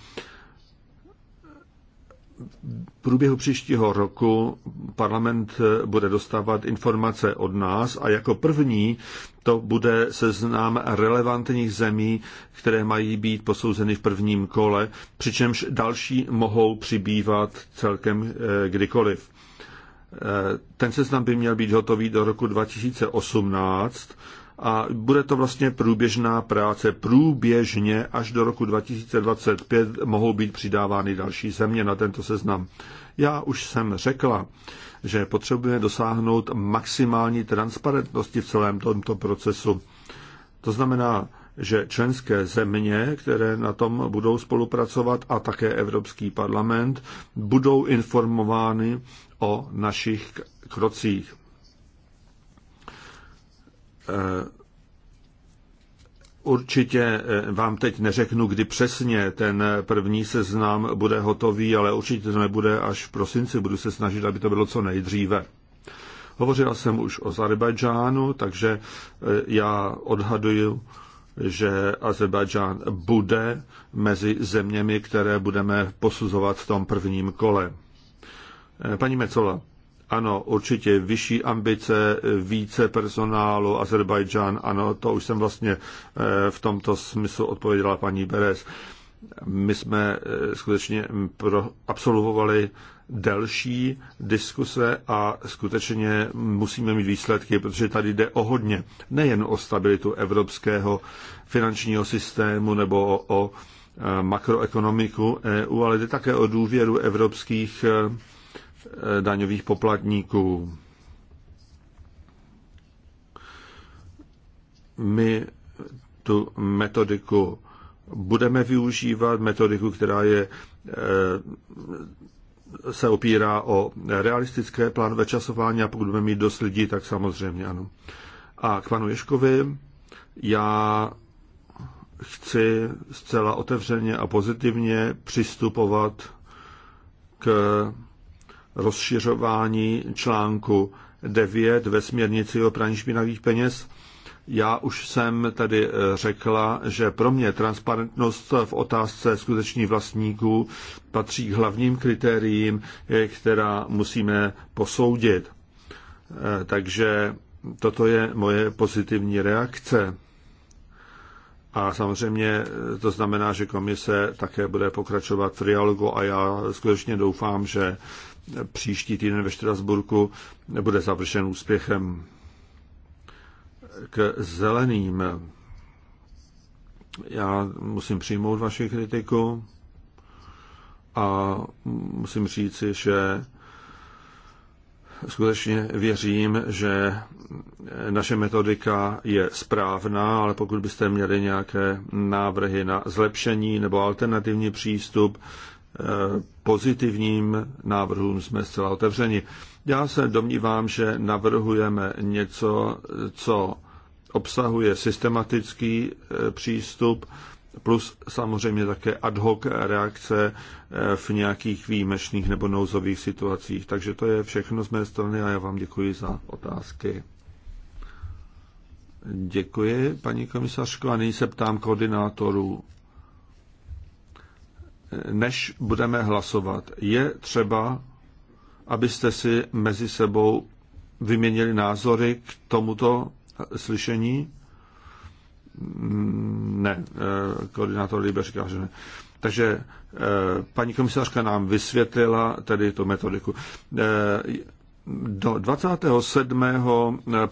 v průběhu příštího roku parlament eh, bude dostávat informace od nás a jako první to bude seznam relevantních zemí, které mají být posouzeny v prvním kole, přičemž další mohou přibývat celkem eh, kdykoliv. Eh, ten seznam by měl být hotový do roku 2018 a bude to vlastně průběžná práce. Průběžně až do roku 2025 mohou být přidávány další země na tento seznam. Já už jsem řekla, že potřebujeme dosáhnout maximální transparentnosti v celém tomto procesu. To znamená, že členské země, které na tom budou spolupracovat a také Evropský parlament, budou informovány o našich krocích. Eh, určitě eh, vám teď neřeknu, kdy přesně ten první seznam bude hotový, ale určitě to nebude až v prosinci. Budu se snažit, aby to bylo co nejdříve. Hovořila jsem už o Azerbajdžánu, takže eh, já odhaduju, že Azerbajdžán bude mezi zeměmi, které budeme posuzovat v tom prvním kole. Paní Mecola, ano, určitě vyšší ambice, více personálu, Azerbajdžán, ano, to už jsem vlastně eh, v tomto smyslu odpověděla paní Beres. My jsme eh, skutečně pro, absolvovali delší diskuse a skutečně musíme mít výsledky, protože tady jde o hodně. Nejen o stabilitu evropského finančního systému nebo o, o eh, makroekonomiku EU, ale jde také o důvěru evropských Eh, daňových poplatníků. My tu metodiku budeme využívat, metodiku, která je, eh, se opírá o realistické plánové časování a pokud budeme mít dost lidí, tak samozřejmě ano. A k panu Ješkovi, já chci zcela otevřeně a pozitivně přistupovat k rozšiřování článku 9 ve směrnici o praní špinavých peněz. Já už jsem tady eh, řekla, že pro mě transparentnost v otázce skutečných vlastníků patří k hlavním kritériím, eh, která musíme posoudit. Eh, takže toto je moje pozitivní reakce. A samozřejmě to znamená, že komise také bude pokračovat v dialogu a já skutečně doufám, že příští týden ve Štrasburku bude završen úspěchem. K zeleným. Já musím přijmout vaši kritiku a musím říci, že skutečně věřím, že naše metodika je správná, ale pokud byste měli nějaké návrhy na zlepšení nebo alternativní přístup, pozitivním návrhům jsme zcela otevřeni. Já se domnívám, že navrhujeme něco, co obsahuje systematický e, přístup, plus samozřejmě také ad hoc reakce e, v nějakých výjimečných nebo nouzových situacích. Takže to je všechno z mé strany a já vám děkuji za otázky. Děkuji, paní komisařko. A nyní se ptám koordinátorů než budeme hlasovat, je třeba, abyste si mezi sebou vyměnili názory k tomuto slyšení? Mm, ne, eh, koordinátor Líbe říká, že ne. Takže eh, paní komisařka nám vysvětlila tedy tu metodiku. Eh, do 27.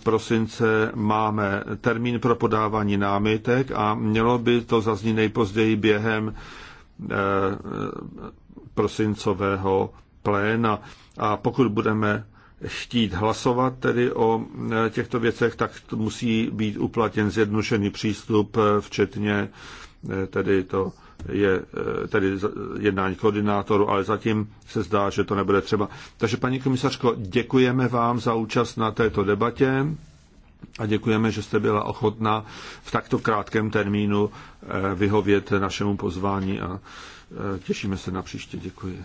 prosince máme termín pro podávání námitek a mělo by to zaznít nejpozději během Eh, prosincového pléna. A pokud budeme chtít hlasovat tedy o eh, těchto věcech, tak musí být uplatěn zjednodušený přístup, eh, včetně tedy to je tedy jednání koordinátoru, ale zatím se zdá, že to nebude třeba. Takže paní komisařko, děkujeme vám za účast na této debatě a děkujeme, že jste byla ochotná v takto krátkém termínu eh, vyhovět našemu pozvání a eh, těšíme se na příště. Děkuji.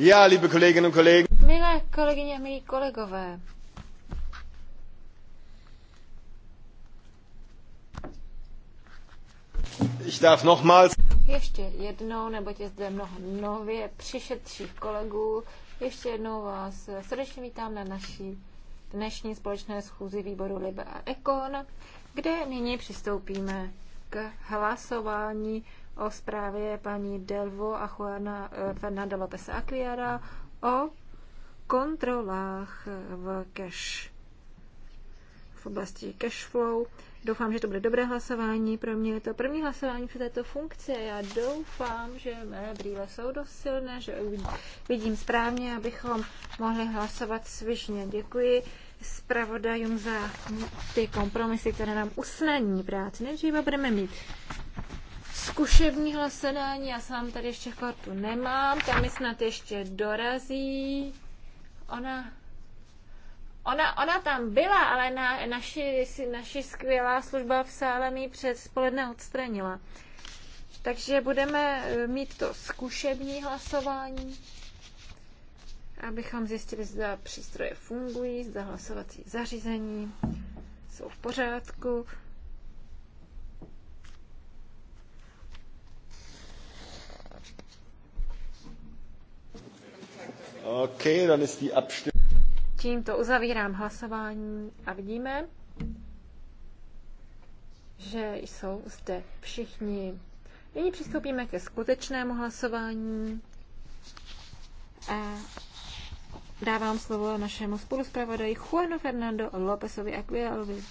Já, liebe Kolleginnen und Kollegen. Milé kolegyně, milí kolegové. Ich darf nochmals. Ještě jednou, neboť je zde mnoho nově přišetřích kolegů. Ještě jednou vás srdečně vítám na naší dnešní společné schůzi výboru Libe a Ekon, kde nyní přistoupíme k hlasování o zprávě paní Delvo a Juana eh, Fernanda López Aquiara o kontrolách v cash v oblasti cash flow. Doufám, že to bude dobré hlasování. Pro mě je to první hlasování při této funkci já doufám, že mé brýle jsou dost silné, že vidím správně, abychom mohli hlasovat svižně. Děkuji zpravodajům za ty kompromisy, které nám usnadní práci. Nejdříve budeme mít zkušební hlasování. Já sám tady ještě kartu nemám, tam mi snad ještě dorazí. Ona, ona, ona tam byla, ale na, naši, naši skvělá služba v sále mi před spoledne odstranila. Takže budeme eh, mít to zkušební hlasování, abychom zjistili, zda přístroje fungují, zda hlasovací zařízení jsou v pořádku. Okay, dann ist die Abstimmung. Tímto uzavírám hlasování a vidíme, že jsou zde všichni. Nyní přistoupíme ke skutečnému hlasování a dávám slovo našemu spoluspravodaji Juanu Fernando Lópezovi Aguilarovi.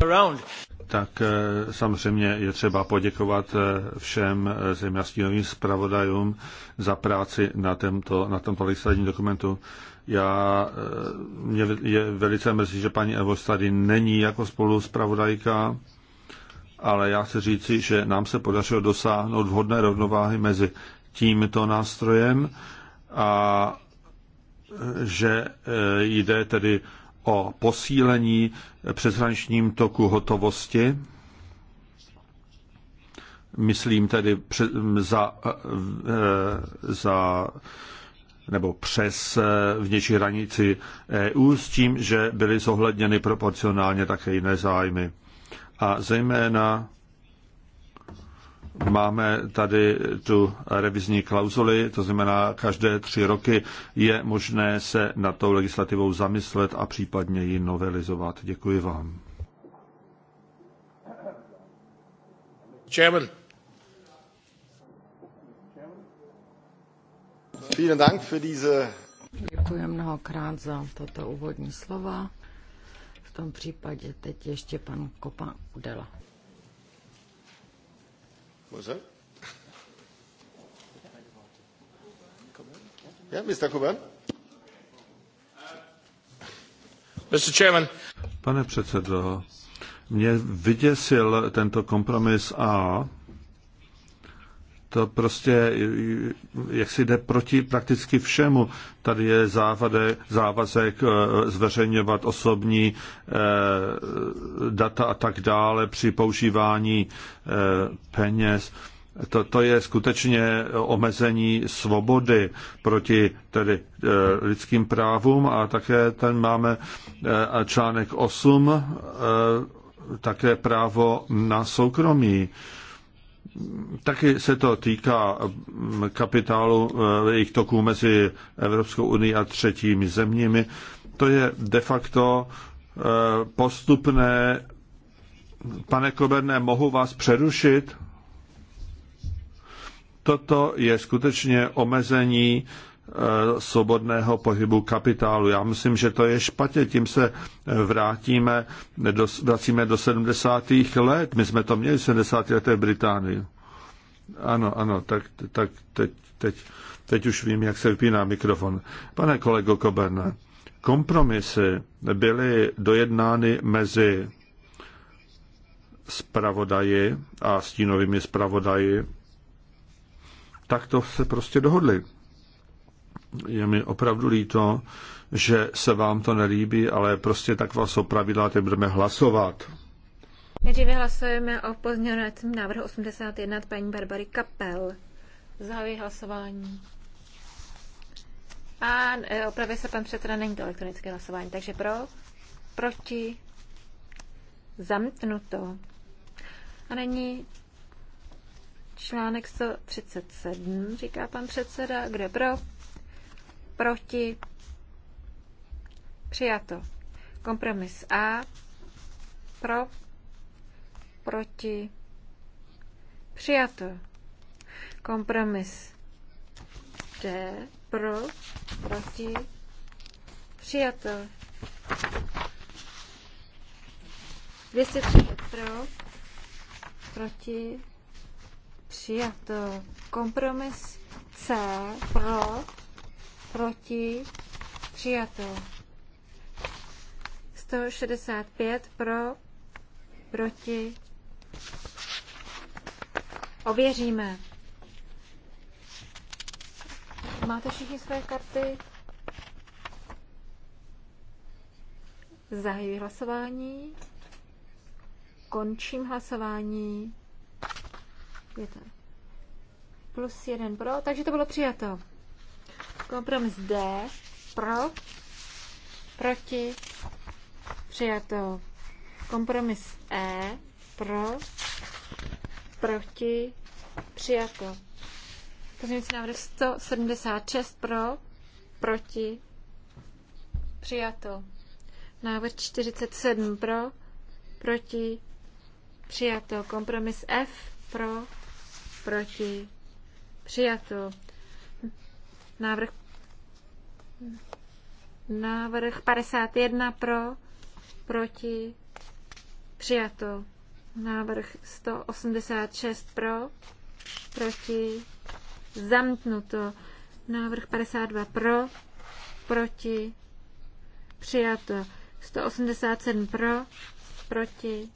Around tak eh, samozřejmě je třeba poděkovat eh, všem eh, zeměstňovým zpravodajům za práci na, tomto na tomto legislativním dokumentu. Já, mě je velice mrzí, že paní Evo tady není jako spolu zpravodajka, ale já chci říci, že nám se podařilo dosáhnout vhodné rovnováhy mezi tímto nástrojem a že jde tedy o posílení přeshraničním toku hotovosti, myslím tedy za, eh, za nebo přes eh, vnější hranici EU s tím, že byly zohledněny proporcionálně také jiné zájmy. A zejména Máme tady tu revizní klauzuli, to znamená, každé tři roky je možné se nad tou legislativou zamyslet a případně ji novelizovat. Děkuji vám. Chairman. Vielen Dank für diese Děkuji mnohokrát za tato úvodní slova. V tom případě teď ještě pan Kopa Udela. Was that? Yeah, Mr. Kuban. Mr. Chairman. Pane předsedo, mě vyděsil tento kompromis A, to prostě jak si jde proti prakticky všemu. Tady je závade, závazek eh, zveřejňovat osobní eh, data a tak dále při používání eh, peněz. To, to je skutečně omezení svobody proti tedy lidským právům a také ten máme článek 8, také právo na soukromí. Taky se to týká mm, kapitálu eh, jejich toků mezi Evropskou unii a třetími zeměmi. To je de facto eh, postupné. Pane Koberné, mohu vás přerušit? Toto je skutečně omezení Eh, svobodného pohybu kapitálu. Já myslím, že to je špatně, tím se eh, vrátíme, do, vracíme do 70. let. My jsme to měli v 70. letech v Británii. Ano, ano, tak, tak teď, teď, teď už vím, jak se vypíná mikrofon. Pane kolego Koberne, kompromisy byly dojednány mezi spravodaji a stínovými spravodaji, tak to se prostě dohodli je mi opravdu líto, že se vám to nelíbí, ale prostě tak vás opravidla, teď budeme hlasovat. Nejdříve hlasujeme o pozměňovacím návrhu 81 od paní Barbary Kapel. Zahajuji hlasování. A e, opravě se pan předseda, není to elektronické hlasování, takže pro, proti, zamknuto. A není článek 137, říká pan předseda, kde pro, proti, přijato. Kompromis A, pro, proti, přijato. Kompromis D, pro, proti, přijato. 230 pro, proti, přijato. Kompromis C, pro, proti, přijato. 165 pro, proti, ověříme. Máte všichni své karty? Zahajuji hlasování. Končím hlasování. Je to plus jeden pro, takže to bylo přijato. Kompromis D. Pro. Proti. Přijato. Kompromis E. Pro. Proti. Přijato. Pozměňující návrh 176 pro, proti, přijato. Návrh 47 pro, proti, přijato. Kompromis F pro, proti, přijato. Návrh Návrh 51 pro, proti, přijato. Návrh 186 pro, proti, zamknuto. Návrh 52 pro, proti, přijato. 187 pro, proti,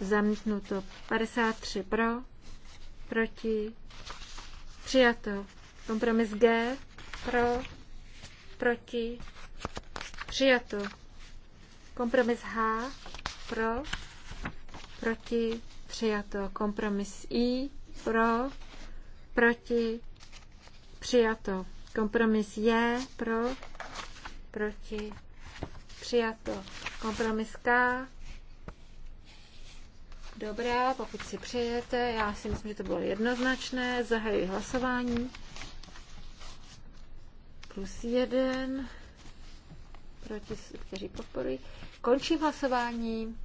zamknuto 53 pro, proti, přijato. Kompromis G pro, proti, přijato. Kompromis H, pro, proti, přijato. Kompromis I, pro, proti, přijato. Kompromis J, pro, proti, přijato. Kompromis K, Dobrá, pokud si přejete, já si myslím, že to bylo jednoznačné. Zahajuji hlasování plus jeden proti, kteří podporují. Končím hlasování.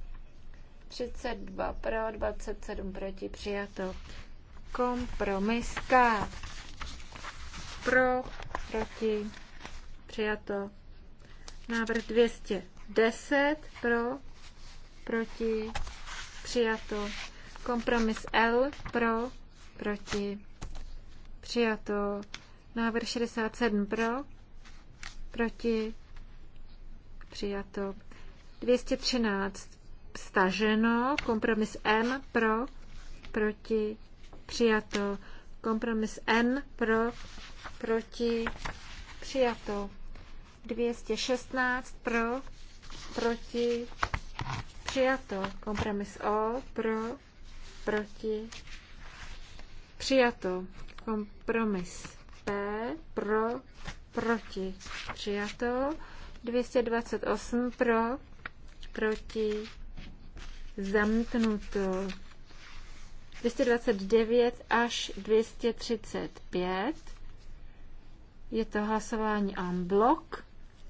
32 pro, 27 proti, přijato. Kompromiska. Pro, proti, přijato. Návrh 210 pro, proti, přijato. Kompromis L pro, proti, přijato. Návrh 67 pro, proti, přijato. 213 staženo, kompromis M pro, proti, přijato. Kompromis N pro, proti, přijato. 216 pro, proti, přijato. Kompromis O pro, proti, přijato. Kompromis pro, proti, přijato. 228 pro, proti, zamknuto. 229 až 235. Je to hlasování en blok.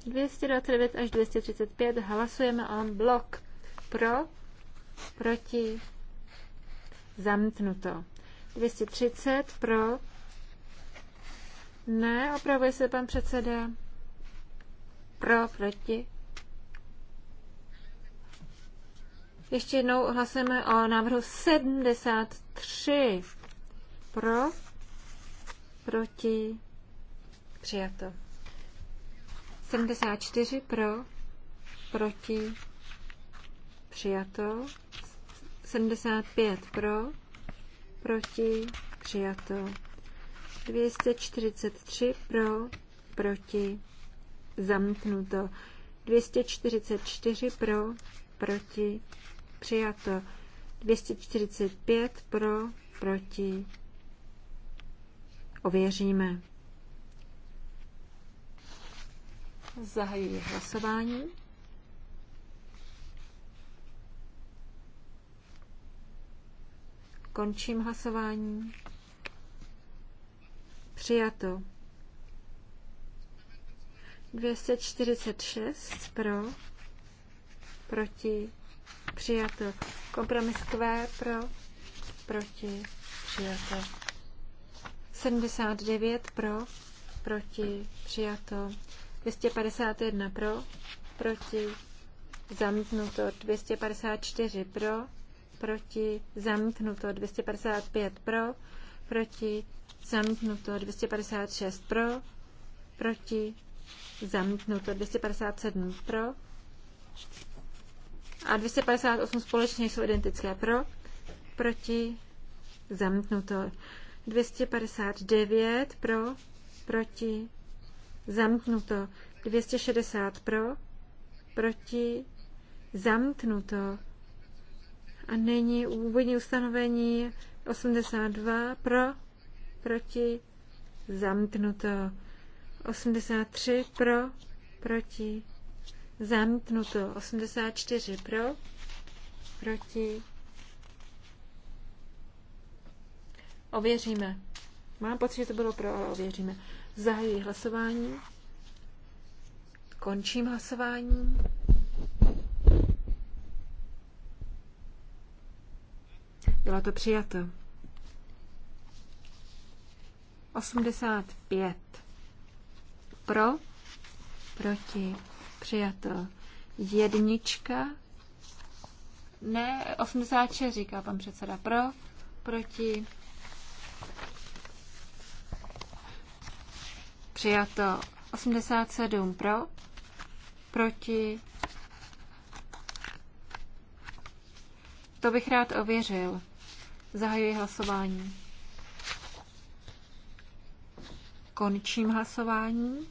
229 až 235 hlasujeme en blok. Pro, proti, zamknuto. 230 pro, ne, opravuje se pan předseda. Pro, proti. Ještě jednou hlasujeme o návrhu 73. Pro, proti, přijato. 74 pro, proti, přijato. 75 pro, proti, přijato. 243 pro, proti, zamknuto. 244 pro, proti, přijato. 245 pro, proti, ověříme. Zahajuji hlasování. Končím hlasování. Přijato. 246 pro, proti, přijato. Kompromis Q pro, proti, přijato. 79 pro, proti, přijato. 251 pro, proti, zamítnuto. 254 pro, proti, zamítnuto. 255 pro, proti, zamítnuto 256 pro, proti, zamítnuto 257 pro a 258 společně jsou identické pro, proti, zamítnuto 259 pro, proti, zamítnuto 260 pro, proti, zamítnuto. A není úvodní ustanovení 82 pro, proti, zamítnuto. 83 pro, proti, zamítnuto. 84 pro, proti. Ověříme. Mám pocit, že to bylo pro, ale ověříme. Zahajuji hlasování. Končím hlasování. Bylo to přijato. 85. Pro, proti, přijato. Jednička, ne, 86, říká pan předseda. Pro, proti, přijato. 87 pro, proti, to bych rád ověřil. Zahajuji hlasování. Končím hlasování.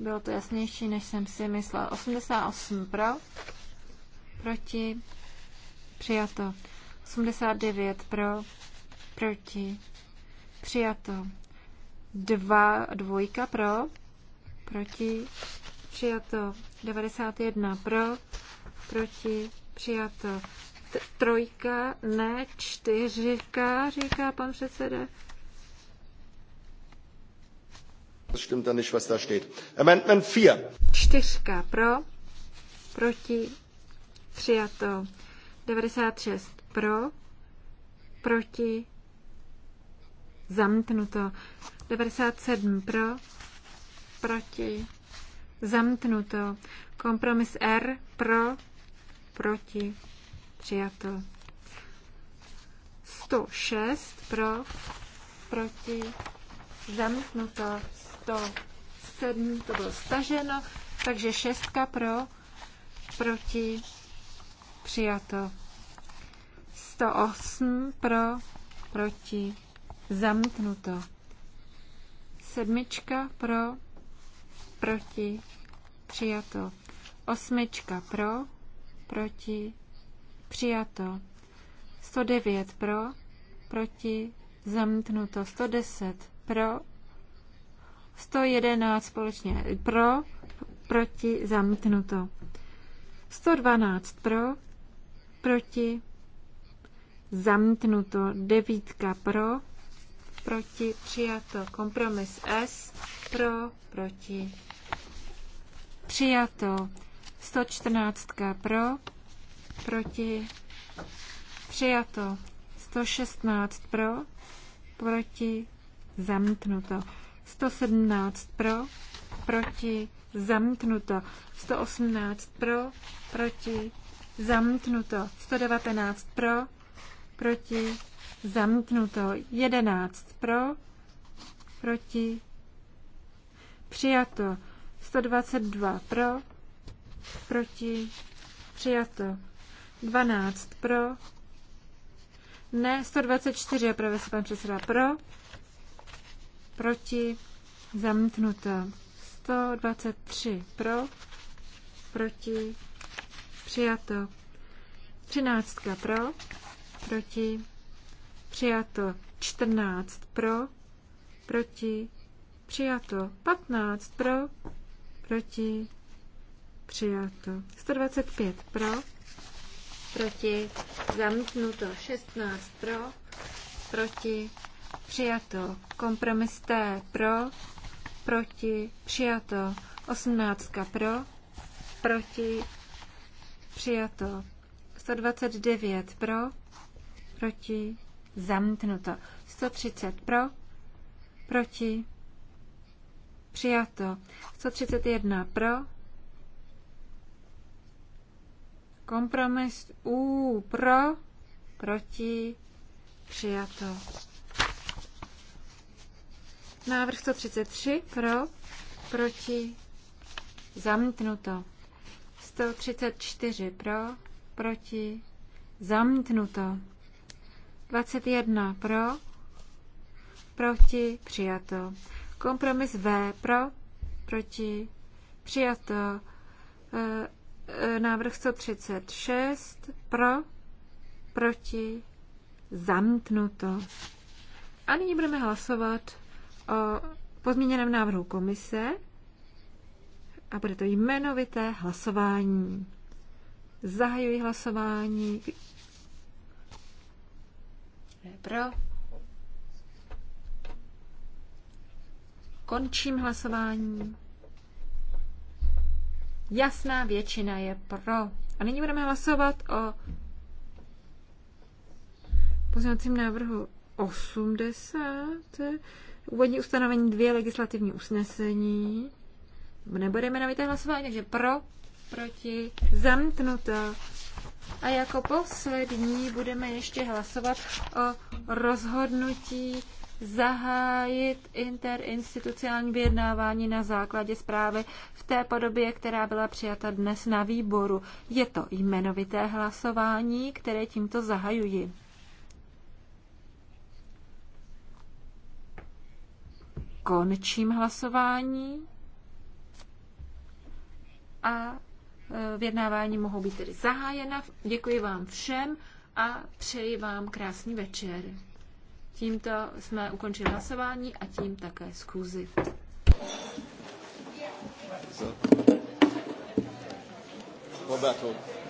Bylo to jasnější, než jsem si myslela. 88 pro, proti, přijato. 89 pro, proti, přijato. 2, dvojka pro, proti, přijato. 91 pro, proti, přijato. T- trojka, ne, čtyřka, říká pan předseda. Das stimmt dann nicht, was da steht. Amendment 4. Čtyřka pro, proti, přijato. 96 pro, proti, zamknuto. 97 pro, proti, zamknuto. Kompromis R pro, proti, přijato. 106 pro, proti, zamknuto. 107, to bylo staženo, takže šestka pro, proti, přijato. 108 pro, proti, zamknuto. Sedmička pro, proti, přijato. Osmička pro, proti, přijato. 109 pro, proti, zamknuto. 110 pro, 111 společně pro, proti, zamítnuto. 112 pro, proti, zamítnuto. 9 pro, proti, přijato. Kompromis S, pro, proti, přijato. 114 pro, proti, přijato. 116 pro, proti, zamítnuto. 117 pro, proti, zamknuto. 118 pro, proti, zamknuto. 119 pro, proti, zamknuto. 11 pro, proti, přijato. 122 pro, proti, přijato. 12 pro, ne, 124 je pravě se pan předseda pro, proti, zamítnuto. 123 pro, proti, přijato. 13 pro, proti, přijato. 14 pro, proti, přijato. 15 pro, proti, přijato. 125 pro, proti, zamítnuto. 16 pro, proti, přijato. Kompromis T pro, proti, přijato. Osmnáctka pro, proti, přijato. 129 pro, proti, Zamknuto. 130 pro, proti, přijato. 131 pro, kompromis U pro, proti, přijato. Návrh 133 pro, proti, zamítnuto. 134 pro, proti, zamítnuto. 21 pro, proti, přijato. Kompromis V pro, proti, přijato. E, e, návrh 136 pro, proti, zamítnuto. A nyní budeme hlasovat o pozměněném návrhu komise a bude to jmenovité hlasování. Zahajuji hlasování. Je pro. Končím hlasování. Jasná většina je pro. A nyní budeme hlasovat o pozměňovacím návrhu 80 Úvodní ustanovení dvě legislativní usnesení. Nebudeme na té hlasování, takže pro, proti, zamknuto. A jako poslední budeme ještě hlasovat o rozhodnutí zahájit interinstitucionální vyjednávání na základě zprávy v té podobě, která byla přijata dnes na výboru. Je to jmenovité hlasování, které tímto zahajuji. Končím hlasování. A e, vyjednávání mohou být tedy zahájena. Děkuji vám všem a přeji vám krásný večer. Tímto jsme ukončili hlasování a tím také Yeah. Roberto.